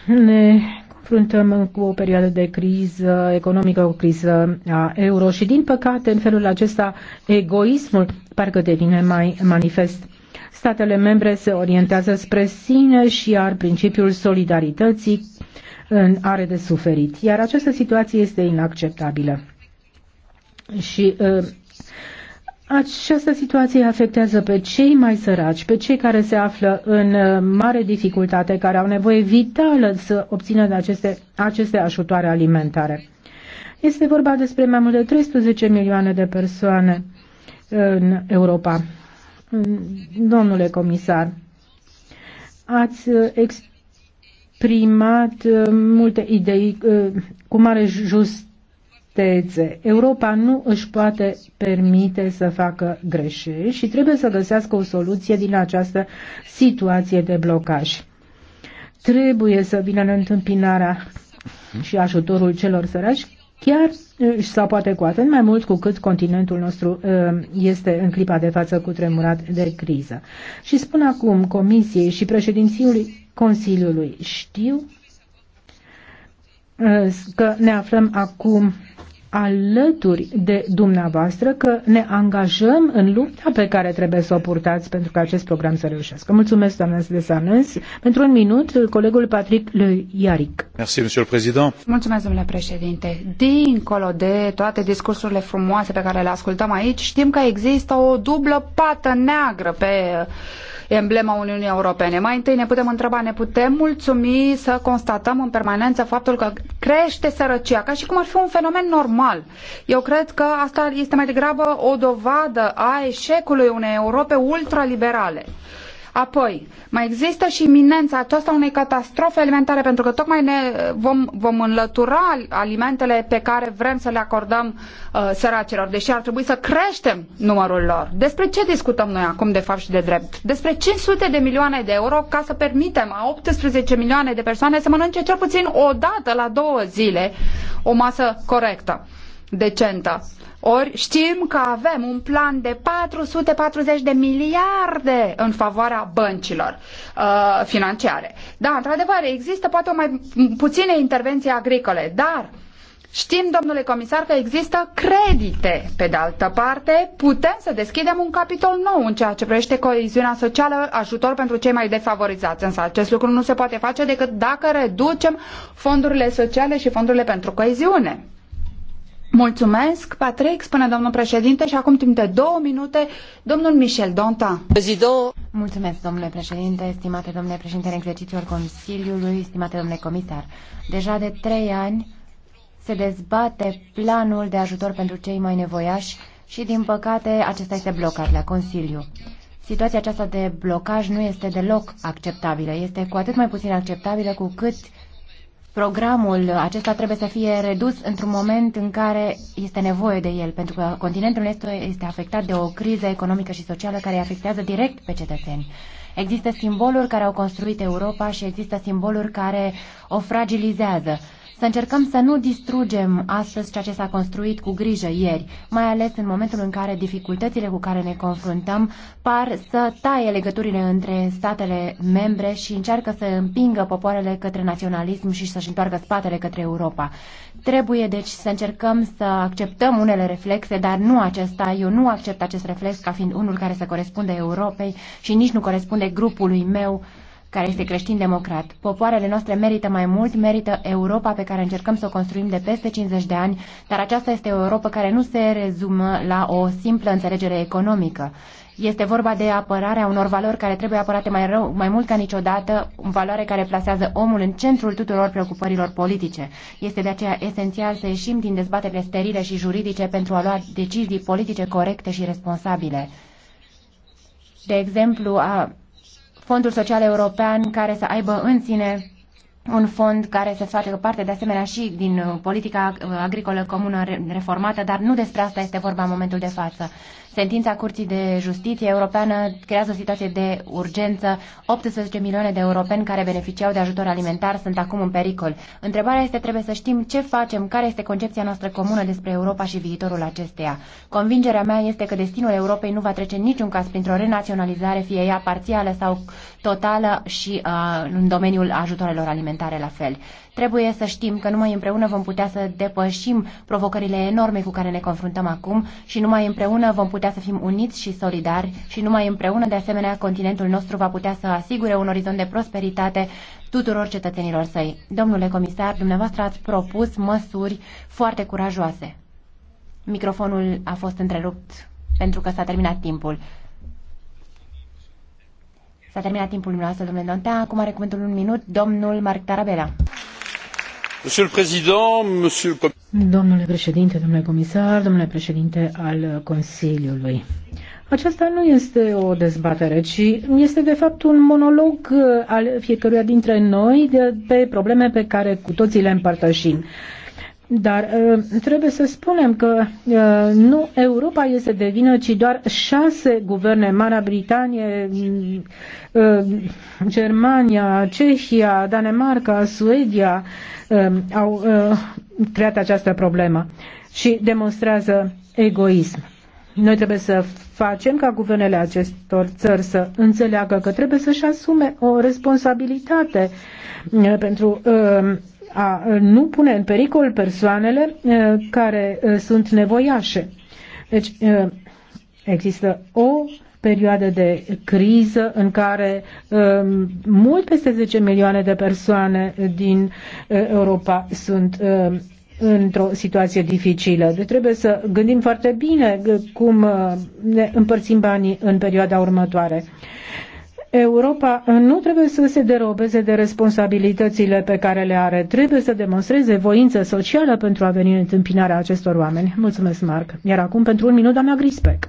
Ne confruntăm cu o perioadă de criză economică, o criză a euro și, din păcate, în felul acesta, egoismul parcă devine mai manifest. Statele membre se orientează spre sine și iar principiul solidarității are de suferit. Iar această situație este inacceptabilă. Și uh, această situație afectează pe cei mai săraci, pe cei care se află în uh, mare dificultate, care au nevoie vitală să obțină de aceste, aceste ajutoare alimentare. Este vorba despre mai mult de 13 milioane de persoane în Europa. Domnule comisar, ați exprimat uh, multe idei uh, cu mare justiție teze. Europa nu își poate permite să facă greșeli și trebuie să găsească o soluție din această situație de blocaj. Trebuie să vină în întâmpinarea și ajutorul celor săraci, chiar eh, sau poate cu atât mai mult cu cât continentul nostru eh, este în clipa de față cu tremurat de criză. Și spun acum Comisiei și președinției Consiliului, știu eh, că ne aflăm acum alături de dumneavoastră că ne angajăm în lupta pe care trebuie să o purtați pentru ca acest program să reușească. Mulțumesc, doamna Desanens. Pentru un minut, colegul Patrick Le Iaric. Merci, monsieur le président. Mulțumesc, domnule președinte. Dincolo de toate discursurile frumoase pe care le ascultăm aici, știm că există o dublă pată neagră pe uh, emblema Uniunii Europene. Mai întâi ne putem întreba, ne putem mulțumi să constatăm în permanență faptul că crește sărăcia, ca și cum ar fi un fenomen normal. Eu cred că asta este mai degrabă o dovadă a eșecului unei Europe ultraliberale. Apoi, mai există și iminența aceasta unei catastrofe alimentare, pentru că tocmai ne vom, vom înlătura alimentele pe care vrem să le acordăm uh, săracilor, deși ar trebui să creștem numărul lor. Despre ce discutăm noi acum, de fapt și de drept? Despre 500 de milioane de euro ca să permitem a 18 milioane de persoane să mănânce cel puțin o dată la două zile o masă corectă, decentă. Ori știm că avem un plan de 440 de miliarde în favoarea băncilor uh, financiare. Da, într-adevăr, există poate o mai puține intervenții agricole, dar Știm, domnule comisar, că există credite. Pe de altă parte, putem să deschidem un capitol nou în ceea ce privește coeziunea socială, ajutor pentru cei mai defavorizați. Însă acest lucru nu se poate face decât dacă reducem fondurile sociale și fondurile pentru coeziune. Mulțumesc, Patrick, spune domnul președinte și acum timp de două minute, domnul Michel Donta. Mulțumesc, domnule președinte, stimate domnule președinte în exercițiul al Consiliului, stimate domnule comisar. Deja de trei ani se dezbate planul de ajutor pentru cei mai nevoiași și, din păcate, acesta este blocat la Consiliu. Situația aceasta de blocaj nu este deloc acceptabilă. Este cu atât mai puțin acceptabilă cu cât uh, programul acesta trebuie să fie redus într-un moment în care este nevoie de el, pentru că continentul este, este afectat de o criză economică și socială care afectează direct pe cetățeni. Există simboluri care au construit Europa și există simboluri care o fragilizează să încercăm să nu distrugem astăzi ceea ce s-a construit cu grijă ieri, mai ales în momentul în care dificultățile cu care ne confruntăm par să taie legăturile între statele membre și încearcă să împingă popoarele către naționalism și să-și întoarcă spatele către Europa. Trebuie deci să încercăm să acceptăm unele reflexe, dar nu acesta. Eu nu accept acest reflex ca fiind unul care să corespunde Europei și nici nu corespunde grupului meu care este creștin-democrat. Popoarele noastre merită mai mult, merită Europa pe care încercăm să o construim de peste 50 de ani, dar aceasta este o Europa care nu se rezumă la o simplă înțelegere economică. Este vorba de apărarea unor valori care trebuie apărate mai, rău, mai mult ca niciodată, valoare care plasează omul în centrul tuturor preocupărilor politice. Este de aceea esențial să ieșim din dezbaterile sterile și juridice pentru a lua decizii politice corecte și responsabile. De exemplu, a fondul social european care să aibă în sine un fond care să facă parte de asemenea și din uh, politica uh, agricolă comună reformată, dar nu despre asta este vorba în momentul de față. Sentința Curții de Justiție Europeană creează o situație de urgență. 18 milioane de europeni care beneficiau de ajutor alimentar sunt acum în pericol. Întrebarea este, trebuie să știm ce facem, care este concepția noastră comună despre Europa și viitorul acesteia. Convingerea mea este că destinul Europei nu va trece în niciun caz printr-o renaționalizare, fie ea parțială sau totală și uh, în domeniul ajutorelor alimentare la fel. Trebuie să știm că numai împreună vom putea să depășim provocările enorme cu care ne confruntăm acum și numai împreună vom putea să fim uniți și solidari și numai împreună, de asemenea, continentul nostru va putea să asigure un orizont de prosperitate tuturor cetățenilor săi. Domnule comisar, dumneavoastră ați propus măsuri foarte curajoase. Microfonul a fost întrerupt pentru că s-a terminat timpul. S-a terminat timpul dumneavoastră, domnule Dantea. Acum are cuvântul un minut, domnul Marc Tarabela. Domnule președinte, domnule comisar, domnule președinte al Consiliului. Aceasta nu este o dezbatere, ci este de fapt un monolog uh, al fiecăruia dintre noi pe probleme pe care cu toții le împărtășim. Dar uh, trebuie să spunem că uh, nu Europa este de vină, ci doar șase guverne, Marea Britanie, mm, uh, Germania, Cehia, Danemarca, Suedia, um, au creat această problemă și demonstrează egoism. Noi trebuie să facem ca guvernele acestor țări să înțeleagă că trebuie să-și asume o responsabilitate pentru um, a nu pune în pericol persoanele care sunt nevoiașe. Deci există o perioadă de criză în care mult peste 10 milioane de persoane din Europa sunt într-o situație dificilă. Deci trebuie să gândim foarte bine cum ne împărțim banii în perioada următoare. Europa nu trebuie să se derobeze de responsabilitățile pe care le are. Trebuie să demonstreze voință socială pentru a veni în întâmpinarea acestor oameni. Mulțumesc, Marc. Iar acum, pentru un minut, doamna Grispec.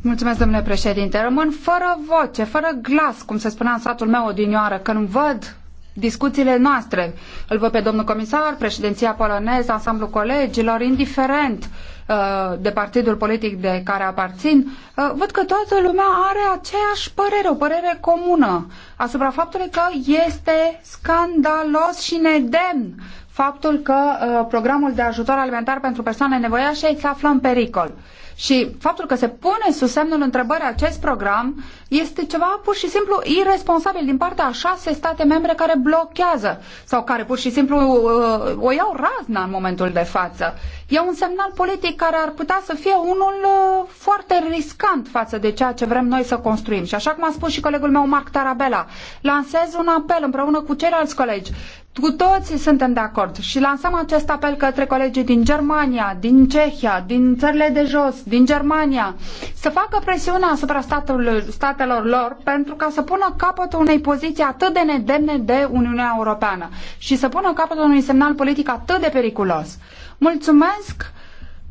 Mulțumesc, domnule președinte. Rămân fără voce, fără glas, cum se spunea în satul meu odinioară, când văd discuțiile noastre. Îl văd pe domnul comisar, președinția poloneză, ansamblu colegilor, indiferent Uh, de partidul politic de care aparțin, uh, văd că toată lumea are aceeași părere, o părere comună asupra faptului că este scandalos și nedemn faptul că uh, programul de ajutor alimentar pentru persoane nevoiașe se află în pericol. Și faptul că se pune sub semnul întrebării acest program este ceva pur și simplu irresponsabil din partea a șase state membre care blochează sau care pur și simplu uh, o iau razna în momentul de față. E un semnal politic care ar putea să fie unul uh, foarte riscant față de ceea ce vrem noi să construim. Și așa cum a spus și colegul meu Marc Tarabella, lansez un apel împreună cu ceilalți colegi cu toții suntem de acord și lansăm acest apel către colegii din Germania, din Cehia, din țările de jos, din Germania, să facă presiune asupra statelor, statelor lor pentru ca să pună capăt unei poziții atât de nedemne de Uniunea Europeană și să pună capăt unui semnal politic atât de periculos. Mulțumesc!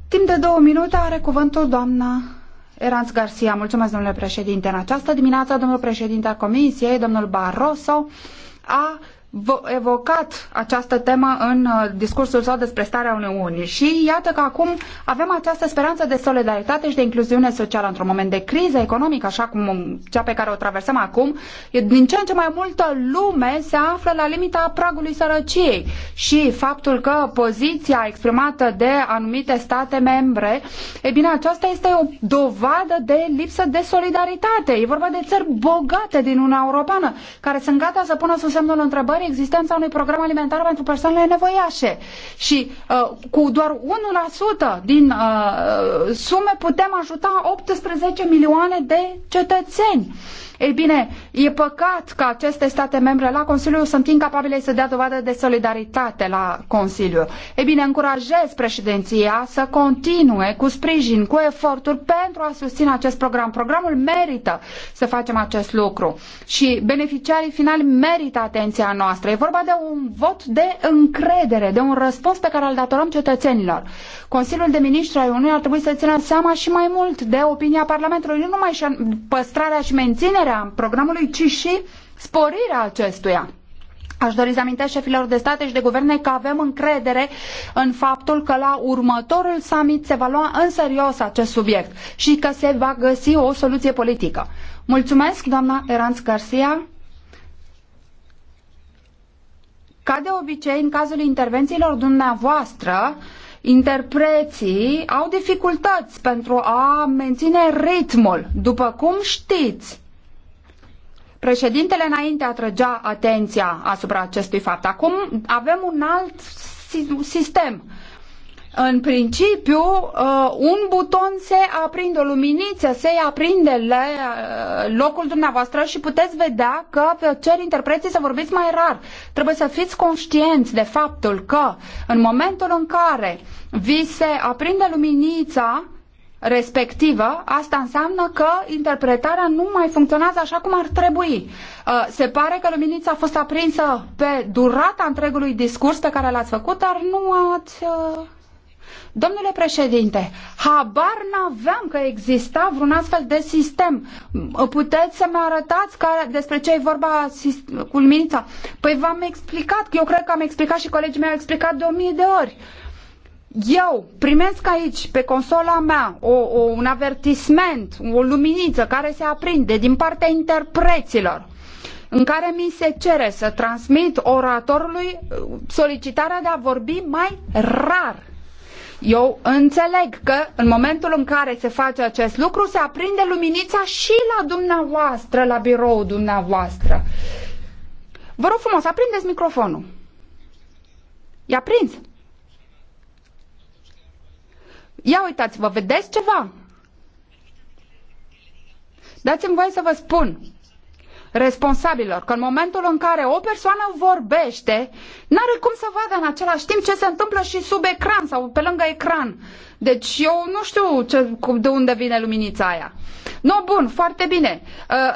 Timp de două minute are cuvântul doamna Eranț Garcia. Mulțumesc, domnule președinte. În această dimineață, domnul președinte al Comisiei, domnul Barroso, a evocat această temă în uh, discursul său despre starea Uniunii și iată că acum avem această speranță de solidaritate și de incluziune socială într-un moment de criză economică, așa cum um, cea pe care o traversăm acum, din ce în ce mai multă lume se află la limita pragului sărăciei și faptul că poziția exprimată de anumite state membre, e bine, aceasta este o dovadă de lipsă de solidaritate. E vorba de țări bogate din Uniunea Europeană, care sunt gata să pună sub semnul întrebării doar existența unui program alimentar pentru persoanele nevoiașe. Și uh, cu doar 1% din uh, sume putem ajuta 18 milioane de cetățeni. Uh, ei bine, e păcat că aceste state membre la Consiliu sunt incapabile să dea dovadă de solidaritate la Consiliu. Ei bine, încurajez președinția să continue cu sprijin, cu eforturi pentru a susține acest program. Programul merită să facem acest lucru și beneficiarii finali merită atenția noastră. E vorba de un vot de încredere, de un răspuns pe care îl datorăm cetățenilor. Consiliul de Ministri ai Uniunii ar trebui să țină seama și mai mult de opinia Parlamentului, nu numai și păstrarea și menținerea extinderea programului, ci și sporirea acestuia. Aș dori să amintesc șefilor de state și de guverne că avem încredere în faptul că la următorul summit se va lua în serios acest subiect și că se va găsi o soluție politică. Mulțumesc, doamna Eranț Garcia. Ca de obicei, în cazul intervențiilor dumneavoastră, interpreții au dificultăți pentru a menține ritmul. După cum știți, Președintele înainte atrăgea atenția asupra acestui fapt. Acum avem un alt sistem. În principiu, uh, un buton se aprinde, o luminiță se aprinde uh, locul dumneavoastră și puteți vedea că cer interpreții să vorbiți mai rar. Trebuie să fiți conștienți de faptul că în momentul în care vi se aprinde luminița, respectivă, asta înseamnă că interpretarea nu mai funcționează așa cum ar trebui. Uh, se pare că luminița a fost aprinsă pe durata întregului discurs pe care l-ați făcut, dar nu ați... Uh, Domnule președinte, habar n-aveam că exista vreun astfel de sistem. Puteți să-mi arătați care, despre ce e vorba cu luminița? Păi v-am explicat, eu cred că am explicat și colegii mei au explicat de o mie de ori. Uh, eu primesc aici, pe consola mea, o, o, un avertisment, o luminiță care se aprinde din partea interpreților, în care mi se cere să transmit oratorului uh, solicitarea de a vorbi mai rar. Eu înțeleg că în momentul în care se face acest lucru, se aprinde luminița și la dumneavoastră, la biroul dumneavoastră. Vă rog frumos, aprindeți microfonul. I-a prins. Ia uitați-vă, vedeți ceva? Dați-mi voie să vă spun Responsabilor, că în momentul în care o persoană vorbește, n-are cum să vadă în același timp ce se întâmplă și sub ecran sau pe lângă ecran. Deci eu nu știu ce, de unde vine luminița aia. No, bun, foarte bine. Uh,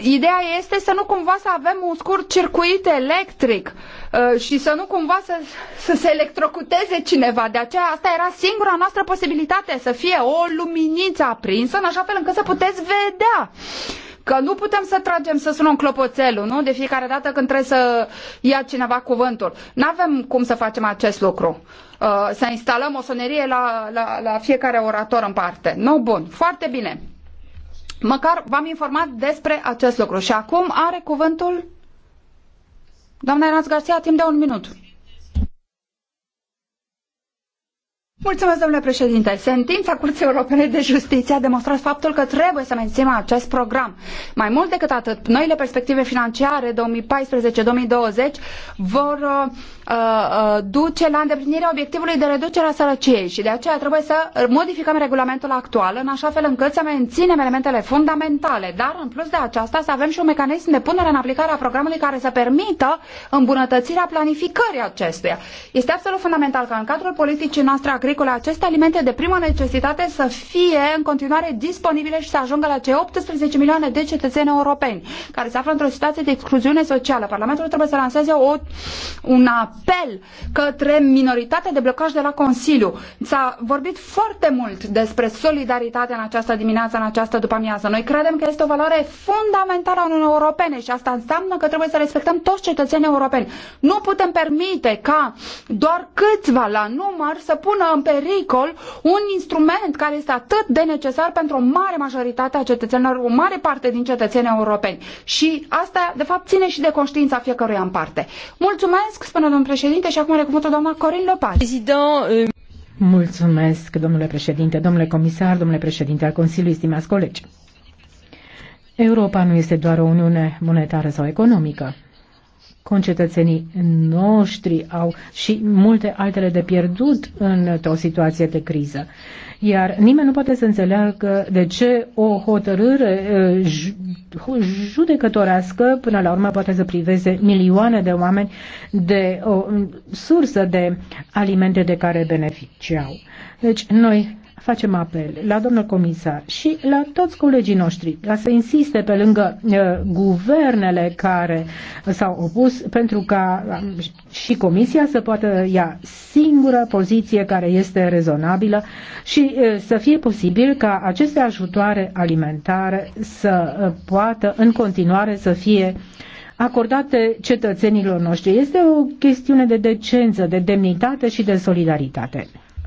ideea este să nu cumva să avem un scurt circuit electric uh, și să nu cumva să, să se electrocuteze cineva. De aceea asta era singura noastră posibilitate, să fie o luminiță aprinsă în așa fel încât să puteți vedea. Uh, că nu putem să tragem, să sunăm clopoțelul, nu? De fiecare dată când trebuie să ia cineva cuvântul. Nu avem cum să facem acest lucru. Uh, să instalăm o sonerie la, la, la fiecare orator în parte. Nu, bun, foarte bine. Măcar v-am informat despre acest lucru. Și acum are cuvântul doamna Eranț Garcia timp de un minut. Mulțumesc, domnule președinte. Sentința Curții Europene de Justiție a demonstrat faptul că trebuie să menținem acest program. Mai mult decât atât, noile perspective financiare 2014-2020 vor uh, Uh, uh, duce la îndeplinirea obiectivului de reducere a sărăciei și de aceea trebuie să modificăm regulamentul actual în așa fel încât să menținem elementele fundamentale, dar în plus de aceasta să avem și un mecanism de punere în aplicare a programului care să permită îmbunătățirea planificării acestuia. Este absolut fundamental ca în cadrul politicii noastre agricole aceste alimente de primă necesitate să fie în continuare disponibile și să ajungă la cei 18 milioane de cetățeni europeni care se află într-o situație de excluziune socială. Parlamentul trebuie să lanseze o, un apel apel către minoritatea de blocaj de la Consiliu. S-a vorbit foarte mult despre solidaritate în această dimineață, în această după-amiază. Noi credem că este o valoare fundamentală a Uniunii Europene și asta înseamnă că trebuie să respectăm toți cetățenii europeni. Nu putem permite ca doar câțiva la număr să pună în pericol un instrument care este atât de necesar pentru o mare majoritate a cetățenilor, o mare parte din cetățenii europeni. Și asta, de fapt, ține și de conștiința fiecăruia în parte. Mulțumesc, spune domnul președinte, și acum are cuvântul doamna Corin Lopan. Mulțumesc, domnule președinte, domnule comisar, domnule președinte al Consiliului, stimați colegi. Europa nu este doar o uniune monetară sau economică concetățenii noștri au și multe altele de pierdut în o situație de criză. Iar nimeni nu poate să înțeleagă de ce o hotărâre eh, judecătorească până la urmă poate să priveze milioane de oameni de o sursă de alimente de care beneficiau. Deci noi facem apel la domnul comisar și la toți colegii noștri ca să insiste pe lângă uh, guvernele care s-au opus pentru ca uh, și comisia să poată ia singură poziție care este rezonabilă și uh, să fie posibil ca aceste ajutoare alimentare să uh, poată în continuare să fie acordate cetățenilor noștri. Este o chestiune de decență, de demnitate și de solidaritate.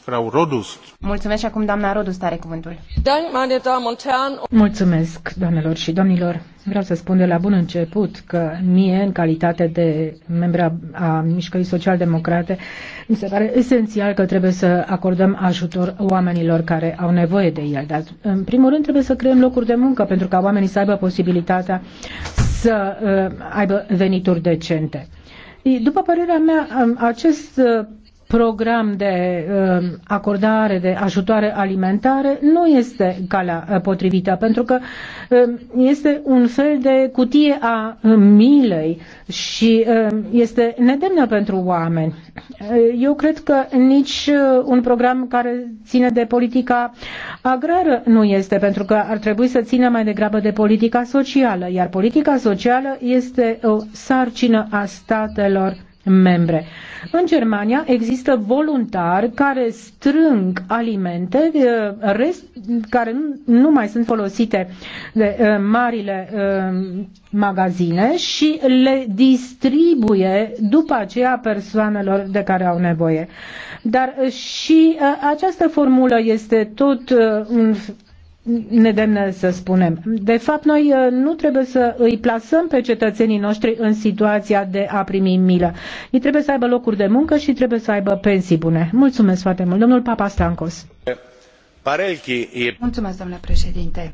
Frau Rodust. acum Rodust și domnilor. Vreau să spun de la bun început că mie, în calitate de membru a Mișcării Social-Democrate, mi se pare esențial că trebuie să acordăm ajutor oamenilor care au nevoie de el. Dar, în primul rând, trebuie să creăm locuri de muncă pentru ca oamenii să aibă posibilitatea să uh, aibă venituri decente. După părerea mea, acest uh, program de um, acordare de ajutoare alimentare nu este calea uh, potrivită, pentru că um, este un fel de cutie a milei și um, este nedemnă pentru oameni. Uh, eu cred că nici uh, un program care ține de politica agrară nu este, pentru că ar trebui să țină mai degrabă de politica socială, iar politica socială este o sarcină a statelor membre. În Germania există voluntari care strâng alimente eh, rest, care nu mai sunt folosite de eh, marile eh, magazine și le distribuie după aceea persoanelor de care au nevoie. Dar și această formulă este tot un nedemne să spunem. De fapt, noi uh, nu trebuie să îi plasăm pe cetățenii noștri în situația de a primi milă. Ei trebuie să aibă locuri de muncă și trebuie să aibă pensii bune. Mulțumesc foarte mult. Domnul Papa Stancos. Mulțumesc, domnule președinte.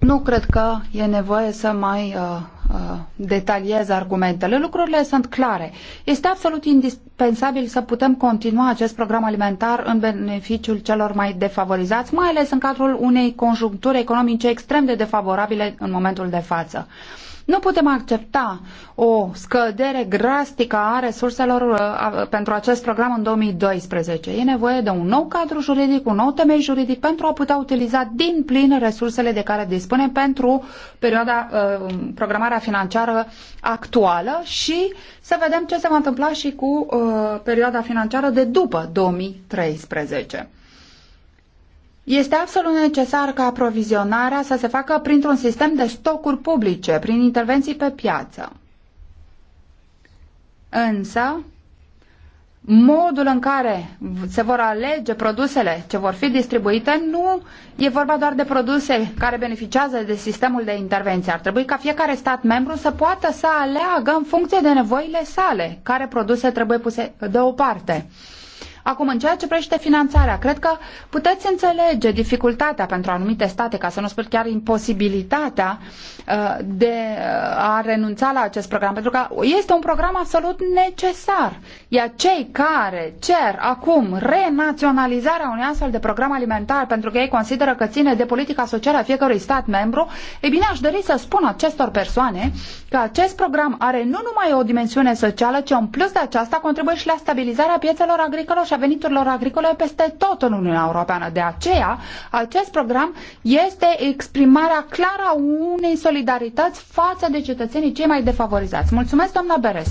Nu cred că e nevoie să mai uh, uh, detaliez argumentele. Lucrurile sunt clare. Este absolut indispensabil să putem continua acest program alimentar în beneficiul celor mai defavorizați, mai ales în cadrul unei conjuncturi economice extrem de defavorabile în momentul de față. Uh, nu putem accepta o scădere drastică a resurselor uh, pentru acest program în 2012. E nevoie de un nou cadru juridic, un nou temei juridic pentru a putea utiliza din plin resursele de care dispunem pentru perioada uh, programarea financiară actuală și să vedem ce se va întâmpla și cu uh, perioada financiară de după 2013. Este absolut necesar ca aprovizionarea să se facă printr-un sistem de stocuri publice, prin intervenții pe piață. Însă, modul în care se vor alege produsele ce vor fi distribuite nu e vorba doar de produse care beneficiază de sistemul de intervenție. Ar trebui ca fiecare stat membru să poată să aleagă în funcție de nevoile sale care produse trebuie puse deoparte. Acum, în ceea ce privește finanțarea, cred că puteți înțelege dificultatea pentru anumite state, ca să nu spun chiar imposibilitatea uh, de uh, a renunța la acest program, pentru că este un program absolut necesar. Iar cei care cer acum renaționalizarea unui astfel de program alimentar, pentru că ei consideră că ține de politica socială a fiecărui stat membru, e bine, aș dori să spun acestor persoane că acest program are nu numai o dimensiune socială, ci în plus de aceasta contribuie și la stabilizarea piețelor agricole și și a veniturilor agricole peste tot în Uniunea Europeană. De aceea, acest program este exprimarea clară a unei solidarități față de cetățenii cei mai defavorizați. Mulțumesc, doamna Beres.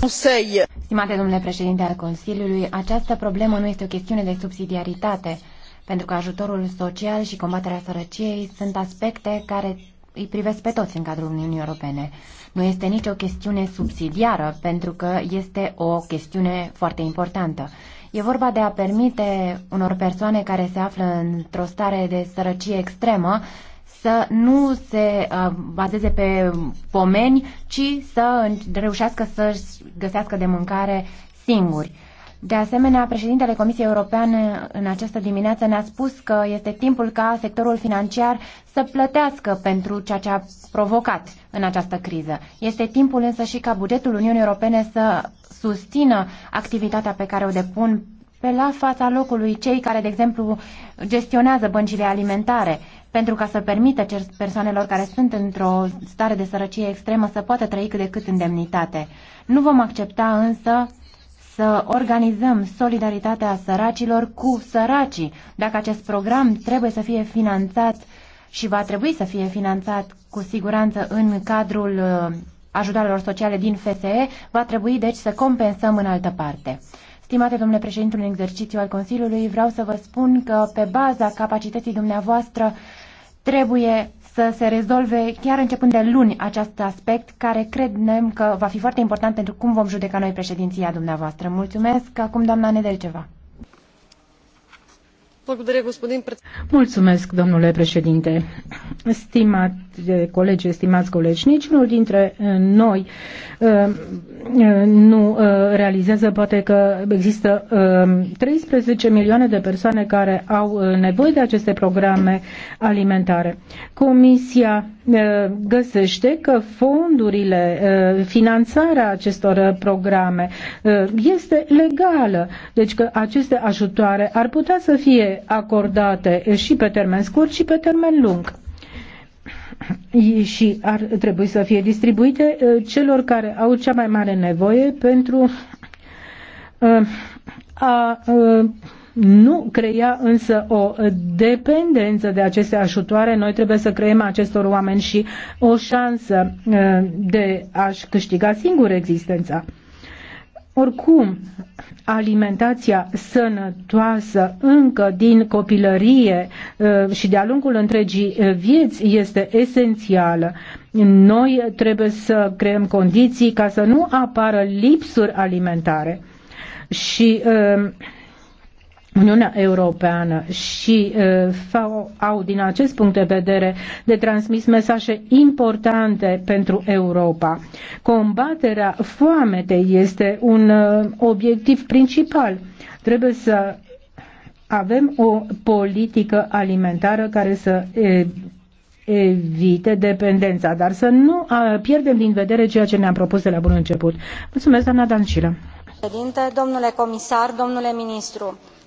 Stimate domnule președinte al Consiliului, această problemă nu este o chestiune de subsidiaritate, pentru că ajutorul social și combaterea sărăciei sunt aspecte care îi privesc pe toți în cadrul Uniunii Europene. Nu este nicio chestiune subsidiară, pentru că este o chestiune foarte importantă. E vorba de a permite unor persoane care se află într-o stare de sărăcie extremă să nu se uh, bazeze pe pomeni, ci să reușească să găsească de mâncare singuri. De asemenea, președintele Comisiei Europeane în această dimineață ne-a spus că este timpul ca sectorul financiar să plătească pentru ceea ce a provocat în această criză. Este timpul însă și ca bugetul Uniunii Europene să susțină activitatea pe care o depun pe la fața locului cei care, de exemplu, gestionează băncile alimentare pentru ca să permită persoanelor care sunt într-o stare de sărăcie extremă să poată trăi cât de cât în demnitate. Nu vom accepta însă să organizăm solidaritatea săracilor cu săracii. Dacă acest program trebuie să fie finanțat și va trebui să fie finanțat cu siguranță în cadrul uh, ajutoarelor sociale din FSE, va trebui deci să compensăm în altă parte. Stimate domnule președinte, în exercițiu al Consiliului, vreau să vă spun că pe baza capacității dumneavoastră trebuie să se rezolve chiar începând de luni acest aspect care credem că va fi foarte important pentru cum vom judeca noi președinția dumneavoastră. Mulțumesc. Acum doamna Nedelceva. Mulțumesc, domnule președinte. Stimat de colegi, estimați colegi, niciunul dintre uh, noi uh, uh, nu realizează poate că există 13 milioane de persoane care au nevoie de aceste programe alimentare. Comisia găsește că fondurile, finanțarea acestor programe este legală, deci că aceste ajutoare ar putea să fie acordate și pe termen scurt și pe termen lung și ar trebui să fie distribuite uh, celor care au cea mai mare nevoie pentru uh, a uh, nu crea însă o dependență de aceste ajutoare, noi trebuie să creăm acestor oameni și o șansă de a-și câștiga singur existența. Oricum, alimentația sănătoasă încă din copilărie uh, și de-a lungul întregii uh, vieți este esențială. Noi trebuie să creăm condiții ca să nu apară lipsuri alimentare. Și uh, Uniunea Europeană și uh, au din acest punct de vedere de transmis mesaje importante pentru Europa. Combaterea foametei este un uh, obiectiv principal. Trebuie să avem o politică alimentară care să evite dependența, dar să nu pierdem din vedere ceea ce ne-am propus de la bun început. Mulțumesc, doamna Dancilă. Domnule comisar, domnule ministru,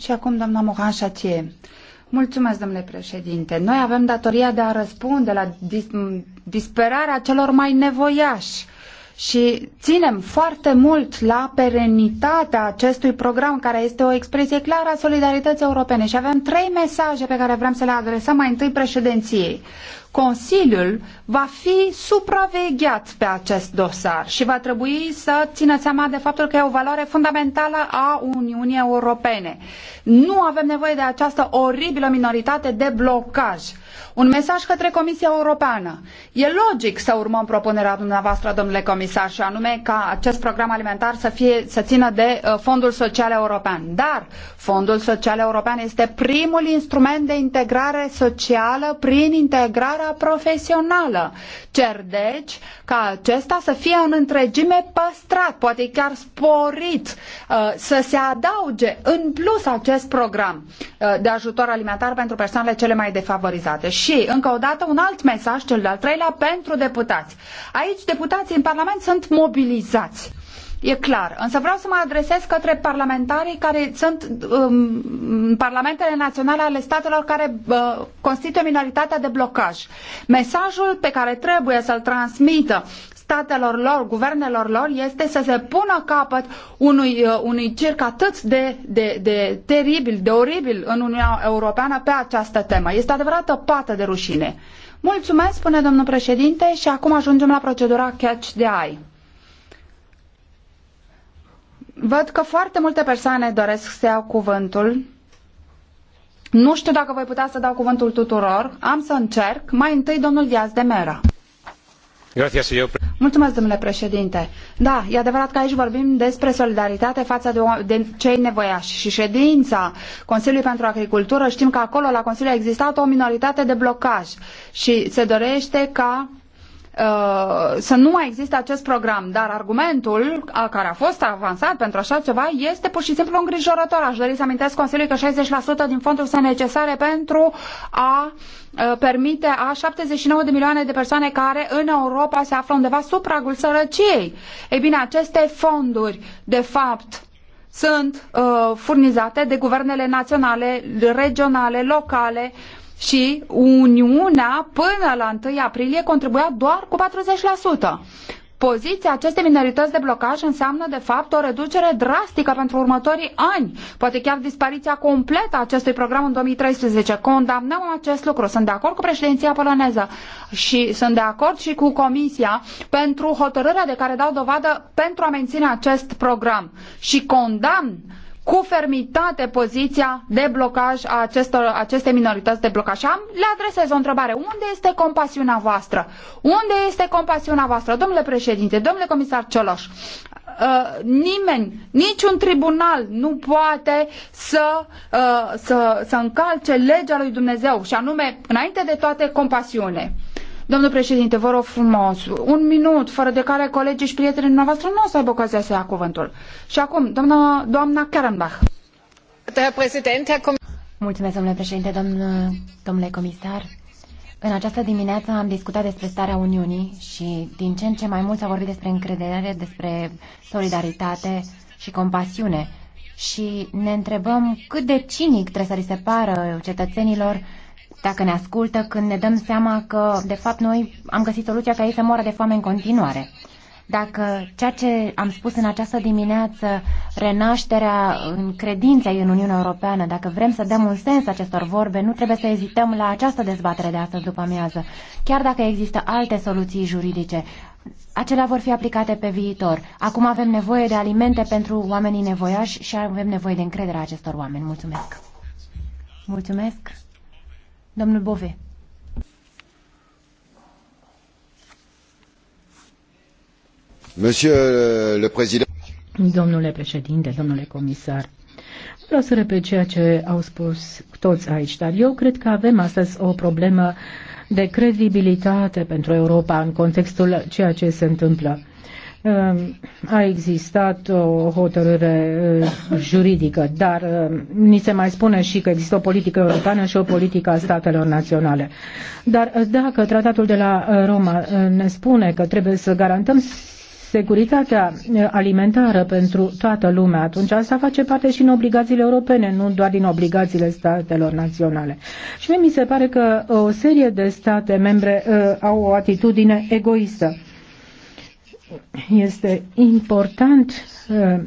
și acum, doamna Mohan Șatie. Mulțumesc, domnule președinte. Noi avem datoria de a răspunde la dis disperarea celor mai nevoiași și ținem foarte mult la perenitatea acestui program, care este o expresie clară a solidarității europene. Și avem trei mesaje pe care vrem să le adresăm mai întâi președinției. Consiliul va fi supravegheat pe acest dosar și va trebui să țină seama de faptul că e o valoare fundamentală a Uniunii Europene. Nu avem nevoie de această oribilă minoritate de blocaj. Un mesaj către Comisia Europeană. E logic să urmăm propunerea dumneavoastră, domnule comisar, și anume ca acest program alimentar să, fie, să țină de uh, Fondul Social European. Dar Fondul Social European este primul instrument de integrare socială prin integrarea formarea profesională. Cer deci ca acesta să fie în întregime păstrat, poate chiar sporit, uh, să se adauge în plus acest program uh, de ajutor alimentar pentru persoanele cele mai defavorizate. Și, încă o dată, un alt mesaj, cel de-al treilea, pentru deputați. Aici deputații în Parlament sunt mobilizați e clar. Însă vreau să mă adresez către parlamentarii care sunt um, parlamentele naționale ale statelor care uh, constituie minoritatea de blocaj. Mesajul pe care trebuie să-l transmită statelor lor, guvernelor lor, este să se pună capăt unui, uh, unui circ atât de, de, de teribil, de oribil în Uniunea Europeană pe această temă. Este o pată de rușine. Mulțumesc, spune domnul președinte, și acum ajungem la procedura catch de ai. Văd că foarte multe persoane doresc să iau cuvântul. Nu știu dacă voi putea să dau cuvântul tuturor. Am să încerc. Mai întâi, domnul Diaz de Mera. Mulțumesc, domnule președinte. Da, e adevărat că aici vorbim despre solidaritate față de, de cei nevoiași. Și ședința Consiliului pentru Agricultură, știm că acolo la Consiliu a existat o minoritate de blocaj și se dorește ca Uh, să nu mai existe acest program, dar argumentul a care a fost avansat pentru așa ceva este pur și simplu îngrijorător. Aș dori să amintesc Consiliului că 60% din fonduri sunt necesare pentru a uh, permite a 79 de milioane de persoane care în Europa se află undeva sub pragul sărăciei. Ei bine, aceste fonduri, de fapt, sunt uh, furnizate de guvernele naționale, regionale, locale, uh, și Uniunea până la 1 aprilie contribuia doar cu 40%. Poziția acestei minorități de blocaj înseamnă, de fapt, o reducere drastică pentru următorii ani, poate chiar dispariția completă a acestui program în 2013. Condamnăm acest lucru. Sunt de acord cu președinția poloneză și sunt de acord și cu Comisia pentru hotărârea de care dau dovadă pentru a menține acest program. Și condamn cu fermitate poziția de blocaj a acestor, aceste minorități de blocaj. Și am, le adresez o întrebare. Unde este compasiunea voastră? Unde este compasiunea voastră? Domnule președinte, domnule comisar Cioloș, Uh, nimeni, niciun tribunal nu poate să, uh, să, să încalce legea lui Dumnezeu și anume, înainte de toate, compasiune. Domnul președinte, vă rog frumos, un minut, fără de care colegii și prietenii noastre nu o să aibă ocazia să ia cuvântul. Și acum, doamna, doamna Karenbach. Mulțumesc, domnule președinte, domn, domnule comisar. În această dimineață am discutat despre starea Uniunii și din ce în ce mai mult s-a vorbit despre încredere, despre solidaritate și compasiune. Și ne întrebăm cât de cinic trebuie să li se pară cetățenilor dacă ne ascultă, când ne dăm seama că, de fapt, noi am găsit soluția ca ei să moară de foame în continuare. Dacă ceea ce am spus în această dimineață, renașterea în credința în Uniunea Europeană, dacă vrem să dăm un sens acestor vorbe, nu trebuie să ezităm la această dezbatere de astăzi după amiază, chiar dacă există alte soluții juridice. Acelea vor fi aplicate pe viitor. Acum avem nevoie de alimente pentru oamenii nevoiași și avem nevoie de încrederea acestor oameni. Mulțumesc! Mulțumesc! Domnul Bove. Monsieur le Président. Domnule președinte, domnule comisar, vreau să repet ceea ce au spus toți aici, dar eu cred că avem astăzi o problemă de credibilitate pentru Europa în contextul ceea ce se întâmplă. Ehm, a existat o hotărâre eh, juridică, dar eh, ni se mai spune și că există o politică europeană și o politică a statelor naționale. Dar eh, dacă tratatul de la Roma ne spune că trebuie să garantăm securitatea alimentară pentru toată lumea, atunci asta face parte și în obligațiile europene, nu doar din obligațiile statelor naționale. Și mie mi se pare că o serie de state membre uh, au o atitudine egoistă este important uh,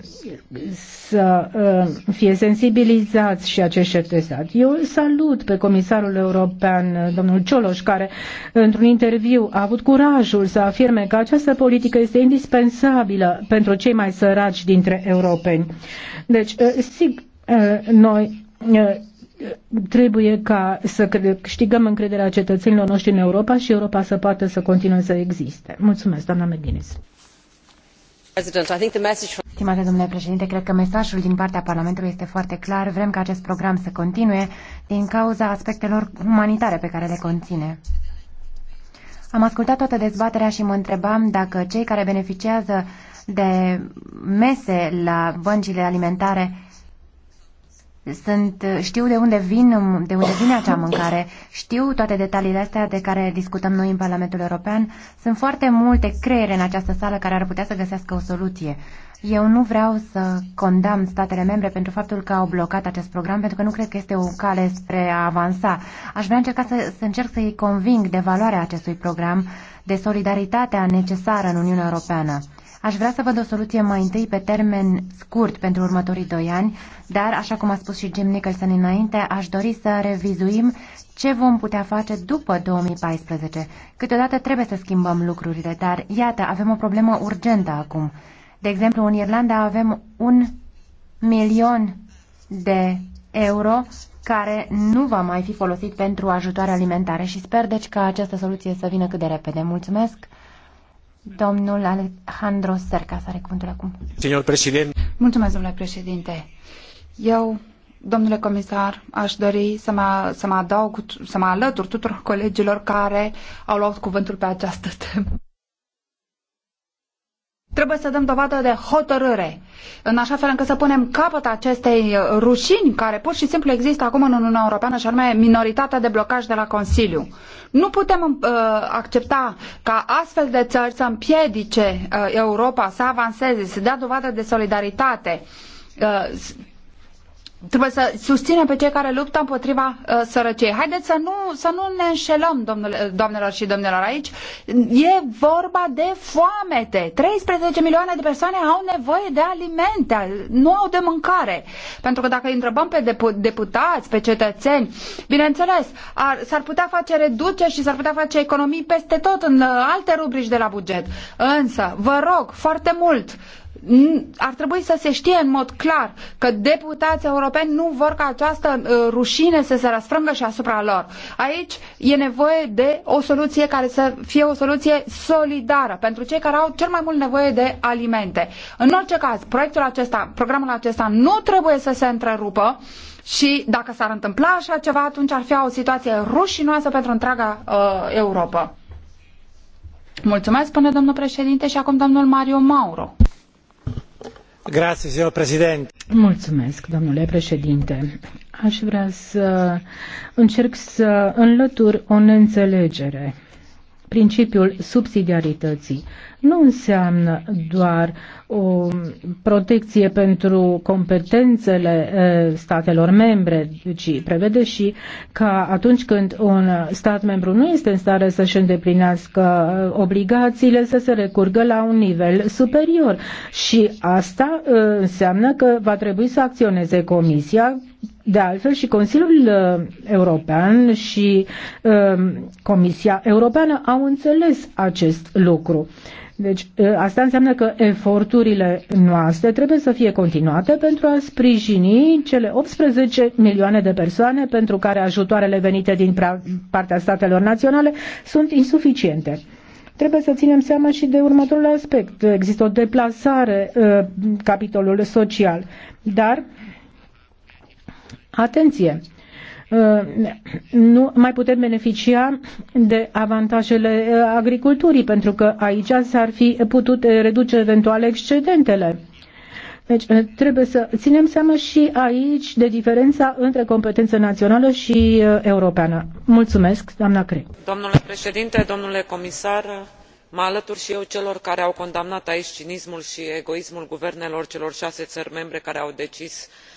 să uh, fie sensibilizați și acești șefi de stat. Eu salut pe comisarul european, uh, domnul Cioloș, care într-un interviu a avut curajul să afirme că această politică este indispensabilă pentru cei mai săraci dintre europeni. Deci, sigur, noi trebuie ca să câștigăm încrederea cetățenilor noștri în Europa și Europa să poată să continue să existe. Mulțumesc, doamna McGuinness. Stimate domnule președinte, cred că mesajul din partea Parlamentului este foarte clar. Vrem ca acest program să continue din cauza aspectelor umanitare pe care le conține. Am ascultat toată dezbaterea și mă întrebam dacă cei care beneficiază de mese la băncile alimentare sunt, știu de unde, vin, de unde vine acea mâncare, știu toate detaliile astea de care discutăm noi în Parlamentul European. Sunt foarte multe creiere în această sală care ar putea să găsească o soluție. Eu nu vreau să condamn statele membre pentru faptul că au blocat acest program, pentru că nu cred că este o cale spre a avansa. Aș vrea încerca să, să încerc să-i conving de valoarea acestui program, de solidaritatea necesară în Uniunea Europeană. Aș vrea să văd o soluție mai întâi pe termen scurt pentru următorii doi ani, dar, așa cum a spus și Jim Nicholson înainte, aș dori să revizuim ce vom putea face după 2014. Câteodată trebuie să schimbăm lucrurile, dar, iată, avem o problemă urgentă acum. De exemplu, în Irlanda avem un milion de euro care nu va mai fi folosit pentru ajutoare alimentare și sper deci ca această soluție să vină cât de repede. Mulțumesc! Domnul Alejandro Serca are cuvântul acum. Președinte, Mulțumesc, domnule președinte. Eu, domnule comisar, aș dori să mă, să mă adaug, să mă alătur tuturor colegilor care au luat cuvântul pe această temă. Trebuie să dăm dovadă de hotărâre, în așa fel încât să punem capăt acestei uh, rușini care pur și simplu există acum în Uniunea Europeană, și anume minoritatea de blocaj de la Consiliu. Nu putem uh, accepta ca astfel de țări să împiedice uh, Europa să avanseze, să dea dovadă de solidaritate. Uh, trebuie să susținem pe cei care luptă împotriva uh, sărăciei. Haideți să nu, să nu ne înșelăm, domnule, uh, doamnelor și domnilor, aici. E vorba de foamete. 13 milioane de persoane au nevoie de alimente, nu au de mâncare. Pentru că dacă îi întrebăm pe depu- deputați, pe cetățeni, bineînțeles, ar, s-ar putea face reduceri și s-ar putea face economii peste tot în uh, alte rubrici de la buget. Însă, vă rog foarte mult, uh, ar trebui să se știe în mod clar că deputații europeni nu vor ca această uh, rușine să se răsfrângă și asupra lor. Aici e nevoie de o soluție care să fie o soluție solidară pentru cei care au cel mai mult nevoie de alimente. În orice caz, proiectul acesta, programul acesta nu trebuie să se întrerupă și dacă s-ar întâmpla așa ceva, atunci ar fi o situație rușinoasă pentru întreaga uh, Europa. Mulțumesc, până domnul președinte, și acum domnul Mario Mauro domnule președinte. Aș vrea să încerc să înlătur o neînțelegere principiul subsidiarității nu înseamnă doar o protecție pentru competențele statelor membre, ci prevede și că atunci când un stat membru nu este în stare să-și îndeplinească obligațiile, să se recurgă la un nivel superior. Și asta înseamnă că va trebui să acționeze Comisia de altfel, și Consiliul uh, European și uh, Comisia Europeană au înțeles acest lucru. Deci, uh, asta înseamnă că eforturile noastre trebuie să fie continuate pentru a sprijini cele 18 milioane de persoane pentru care ajutoarele venite din partea statelor naționale sunt insuficiente. Trebuie să ținem seama și de următorul aspect. Există o deplasare, capitolul social, dar Atenție! Uh, nu mai putem beneficia de avantajele uh, agriculturii, pentru că aici s-ar fi putut uh, reduce eventual excedentele. Deci trebuie să ținem seama și aici de diferența între competență națională și europeană. Mulțumesc, doamna Cre. Domnule președinte, domnule comisar, mă alătur și eu celor care au condamnat aici cinismul și egoismul guvernelor celor șase țări membre care au decis uh,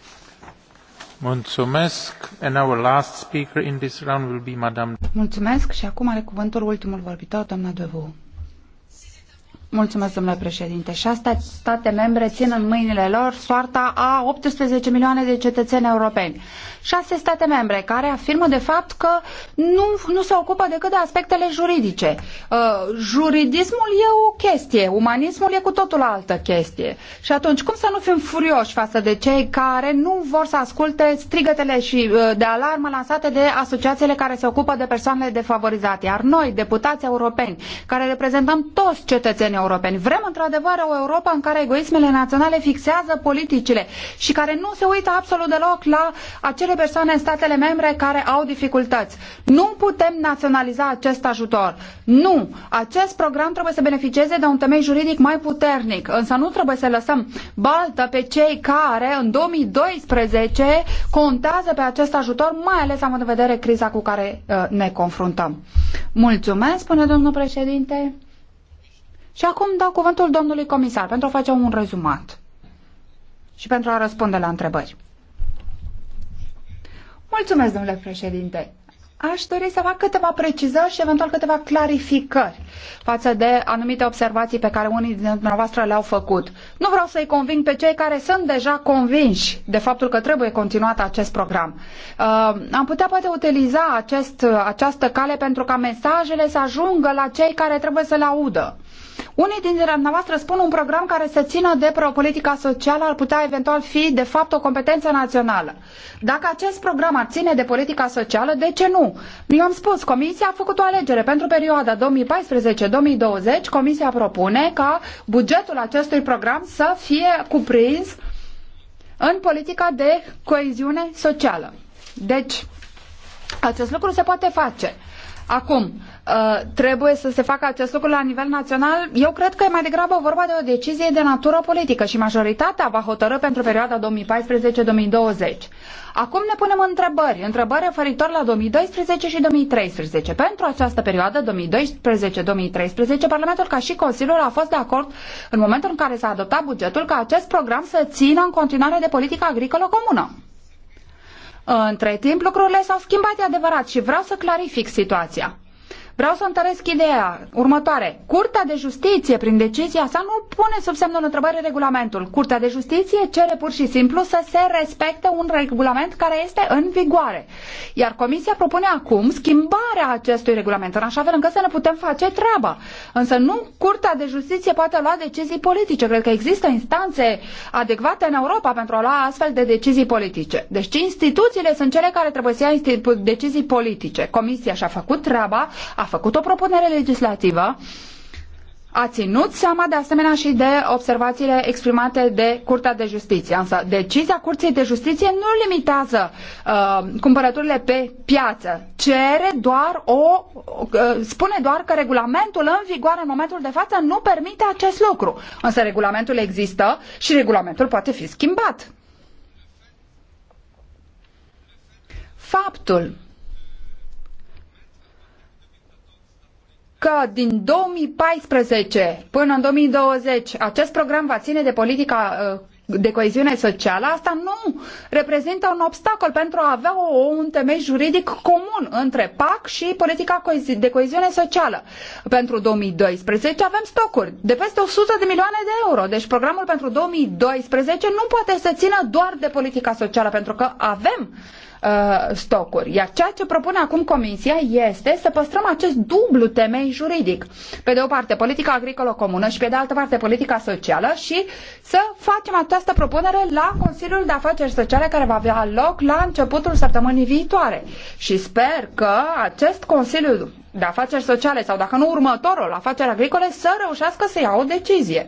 Mulțumesc. și acum are cuvântul ultimul vorbitor, doamna Devu. Mulțumesc, domnule președinte. Șase state membre țin în mâinile lor soarta a 18 milioane de cetățeni europeni. Șase state membre care afirmă de fapt că nu, nu se ocupă decât de aspectele juridice. Uh, juridismul e o chestie, umanismul e cu totul altă chestie. Și atunci, cum să nu fim furioși față de cei care nu vor să asculte strigătele și uh, de alarmă lansate de asociațiile care se ocupă de persoanele defavorizate? Iar noi, deputații europeni, care reprezentăm toți cetățenii europeni. Vrem într-adevăr o Europa în care egoismele naționale fixează politicile și care nu se uită absolut deloc la acele persoane în statele membre care au dificultăți. Nu putem naționaliza acest ajutor. Nu! Acest program trebuie să beneficieze de un temei juridic mai puternic, însă nu trebuie să lăsăm baltă pe cei care în 2012 contează pe acest ajutor, mai ales având în vedere criza cu care uh, ne confruntăm. Mulțumesc, spune domnul președinte. Și acum dau cuvântul domnului comisar pentru a face un rezumat și pentru a răspunde la întrebări. Mulțumesc, domnule președinte. Aș dori să fac câteva precizări și eventual câteva clarificări față de anumite observații pe care unii dintre dumneavoastră le-au făcut. Nu vreau să-i conving pe cei care sunt deja convinși de faptul că trebuie continuat acest program. Uh, am putea poate utiliza acest, această cale pentru ca mesajele să ajungă la cei care trebuie să le audă. Unii dintre dumneavoastră spun un program care să țină de politica socială ar putea eventual fi, de fapt, o competență națională. Dacă acest program ar ține de politica socială, de ce nu? Eu am spus, Comisia a făcut o alegere pentru perioada 2014-2020. Comisia propune ca bugetul acestui program să fie cuprins în politica de coeziune socială. Deci, acest lucru se poate face. Acum, Uh, trebuie să se facă acest lucru la nivel național, eu cred că e mai degrabă vorba de o decizie de natură politică și majoritatea va hotărâ pentru perioada 2014-2020. Acum ne punem întrebări, întrebări referitor la 2012 și 2013. Pentru această perioadă, 2012-2013, Parlamentul ca și Consiliul a fost de acord în momentul în care s-a adoptat bugetul ca acest program să țină în continuare de politica agricolă comună. Între timp, lucrurile s-au schimbat, e adevărat, și vreau să clarific situația. Vreau să întăresc ideea următoare. Curtea de Justiție, prin decizia sa, nu pune sub semnul întrebării regulamentul. Curtea de Justiție cere pur și simplu să se respecte un regulament care este în vigoare. Iar Comisia propune acum schimbarea acestui regulament, în așa fel încât să ne putem face treaba. Însă nu Curtea de Justiție poate lua decizii politice. Cred că există instanțe adecvate în Europa pentru a lua astfel de decizii politice. Deci instituțiile sunt cele care trebuie să ia decizii politice. Comisia și-a făcut treaba, a făcut o propunere legislativă, a ținut seama de asemenea și de observațiile exprimate de Curtea de Justiție. Însă decizia Curții de Justiție nu limitează uh, cumpărăturile pe piață. Cere doar o... Uh, spune doar că regulamentul în vigoare în momentul de față nu permite acest lucru. Însă regulamentul există și regulamentul poate fi schimbat. Faptul că din 2014 până în 2020 acest program va ține de politica uh, de coeziune socială, asta nu reprezintă un obstacol pentru a avea o, un temei juridic comun între PAC și politica de coeziune socială. Pentru 2012 avem stocuri de peste 100 de milioane de euro, deci programul pentru 2012 nu poate să țină doar de politica socială, pentru că avem uh, Uh, stocuri. Iar ceea ce propune acum Comisia este să păstrăm acest dublu temei juridic. Pe de o parte politica agricolă comună și pe de altă parte politica socială și să facem această propunere la Consiliul de Afaceri Sociale care va avea loc la începutul săptămânii viitoare. Și sper că acest Consiliu de afaceri sociale sau, dacă nu, următorul afaceri agricole să reușească să ia o decizie.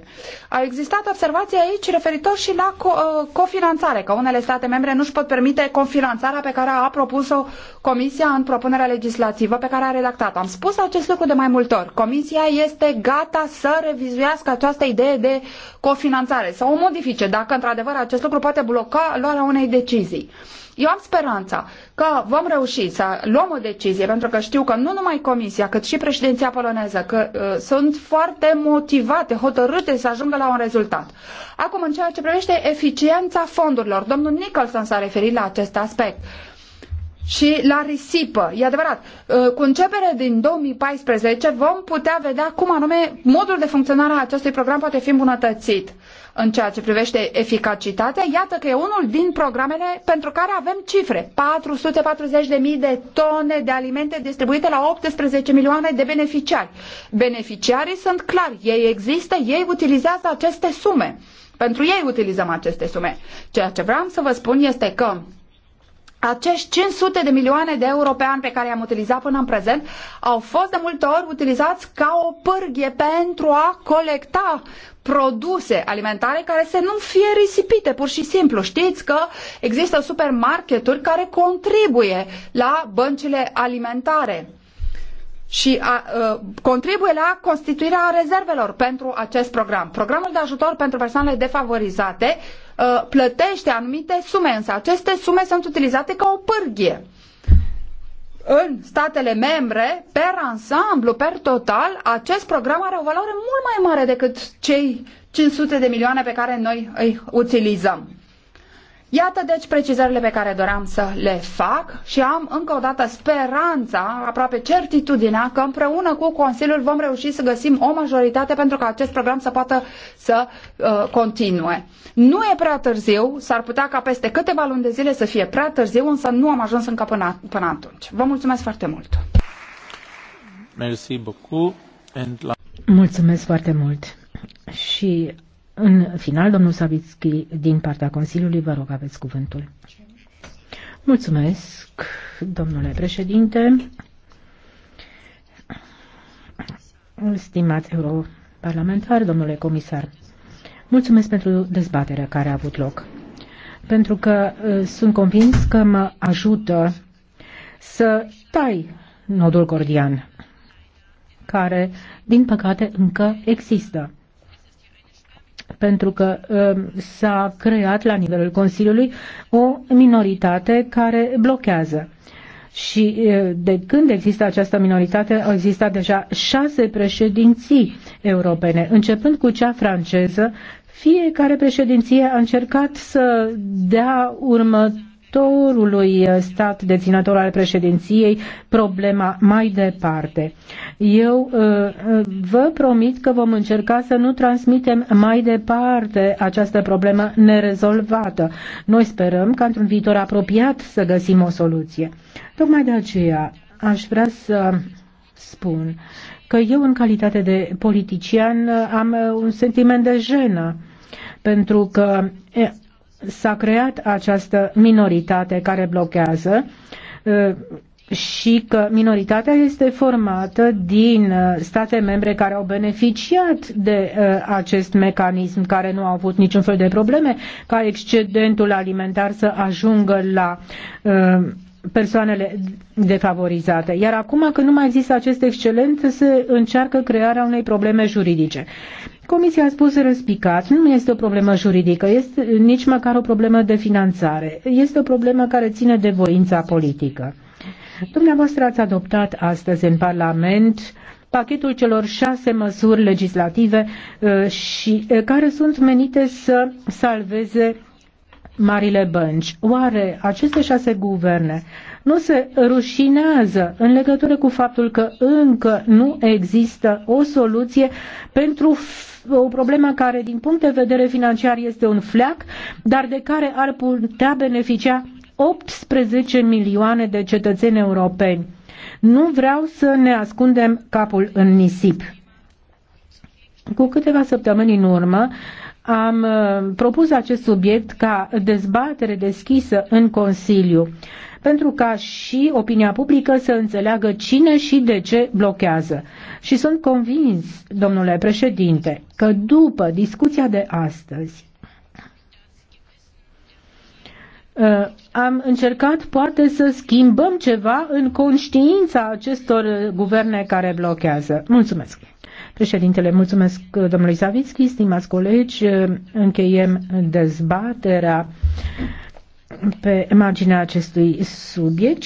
A existat observații aici referitor și la co- uh, cofinanțare, că unele state membre nu-și pot permite cofinanțarea pe care a propus-o Comisia în propunerea legislativă pe care a redactat-o. Am spus acest lucru de mai multe ori. Comisia este gata să revizuiască această idee de cofinanțare, să o modifice, dacă într-adevăr acest lucru poate bloca luarea unei decizii. Eu am speranța că vom reuși să luăm o decizie, pentru că știu că nu numai Comisia, cât și președinția poloneză, că uh, sunt foarte motivate, hotărâte să ajungă la un rezultat. Acum, în ceea ce privește eficiența fondurilor, domnul Nicholson s-a referit la acest aspect și la risipă. E adevărat, uh, cu începere din 2014 vom putea vedea cum anume modul de funcționare a acestui program poate fi îmbunătățit în ceea ce privește eficacitatea, iată că e unul din programele pentru care avem cifre. 440.000 de tone de alimente distribuite la 18 milioane de beneficiari. Beneficiarii sunt clari, ei există, ei utilizează aceste sume. Pentru ei utilizăm aceste sume. Ceea ce vreau să vă spun este că acești 500 de milioane de euro pe an pe care i-am utilizat până în prezent au fost de multe ori utilizați ca o pârghie pentru a colecta produse alimentare care să nu fie risipite, pur și simplu. Știți că există supermarketuri care contribuie la băncile alimentare și a, a, ă, contribuie la constituirea rezervelor pentru acest program. Programul de ajutor pentru persoanele defavorizate Uh, plătește anumite sume, însă aceste sume sunt utilizate ca o pârghie în statele membre, per ansamblu, per total, acest program are o valoare mult mai mare decât cei 500 de milioane pe care noi îi utilizăm. Iată deci precizările pe care doream să le fac și am încă o dată speranța, aproape certitudinea, că împreună cu Consiliul vom reuși să găsim o majoritate pentru ca acest program să poată să uh, continue. Nu e prea târziu, s-ar putea ca peste câteva luni de zile să fie prea târziu, însă nu am ajuns încă până, până atunci. Vă mulțumesc foarte mult! Mulțumesc foarte mult! Și în final, domnul Savitski, din partea Consiliului, vă rog, aveți cuvântul. Mulțumesc, domnule președinte. Stimați europarlamentari, domnule comisar, mulțumesc pentru dezbaterea care a avut loc, pentru că uh, sunt convins că mă ajută să tai nodul gordian, care, din păcate, încă există pentru că um, s-a creat la nivelul Consiliului o minoritate care blochează. Și uh, de când există această minoritate, au existat deja șase președinții europene, începând cu cea franceză. Fiecare președinție a încercat să dea următoare viitorului uh, stat deținător al președinției problema mai departe. Eu uh, uh, vă promit că vom încerca să nu transmitem mai departe această problemă nerezolvată. Noi sperăm ca într-un viitor apropiat să găsim o soluție. Tocmai de aceea aș vrea să spun că eu în calitate de politician am un sentiment de jenă pentru că s-a creat această minoritate care blochează uh, și că minoritatea este formată din uh, state membre care au beneficiat de uh, acest mecanism, care nu au avut niciun fel de probleme, ca excedentul alimentar să ajungă la persoanele defavorizate. Iar acum când nu mai există acest excelent, se încearcă crearea unei probleme juridice. Comisia a spus răspicat, nu este o problemă juridică, este nici măcar o problemă de finanțare. Este o problemă care ține de voința politică. Dumneavoastră ați adoptat astăzi în Parlament pachetul celor șase măsuri legislative uh, și uh, care sunt menite să salveze marile bănci. Oare aceste șase guverne nu se rușinează în legătură cu faptul că încă nu există o soluție pentru o problemă care, din punct de vedere financiar, este un fleac, dar de care ar putea beneficia 18 milioane de cetățeni europeni. Nu vreau să ne ascundem capul în nisip. Cu câteva săptămâni în urmă, am uh, propus acest subiect ca dezbatere deschisă în Consiliu, pentru ca și opinia publică să înțeleagă cine și de ce blochează. Și sunt convins, domnule președinte, că după discuția de astăzi, uh, am încercat poate să schimbăm ceva în conștiința acestor guverne care blochează. Mulțumesc! Președintele, mulțumesc domnului Zavitski, stimați colegi, încheiem dezbaterea pe marginea acestui subiect.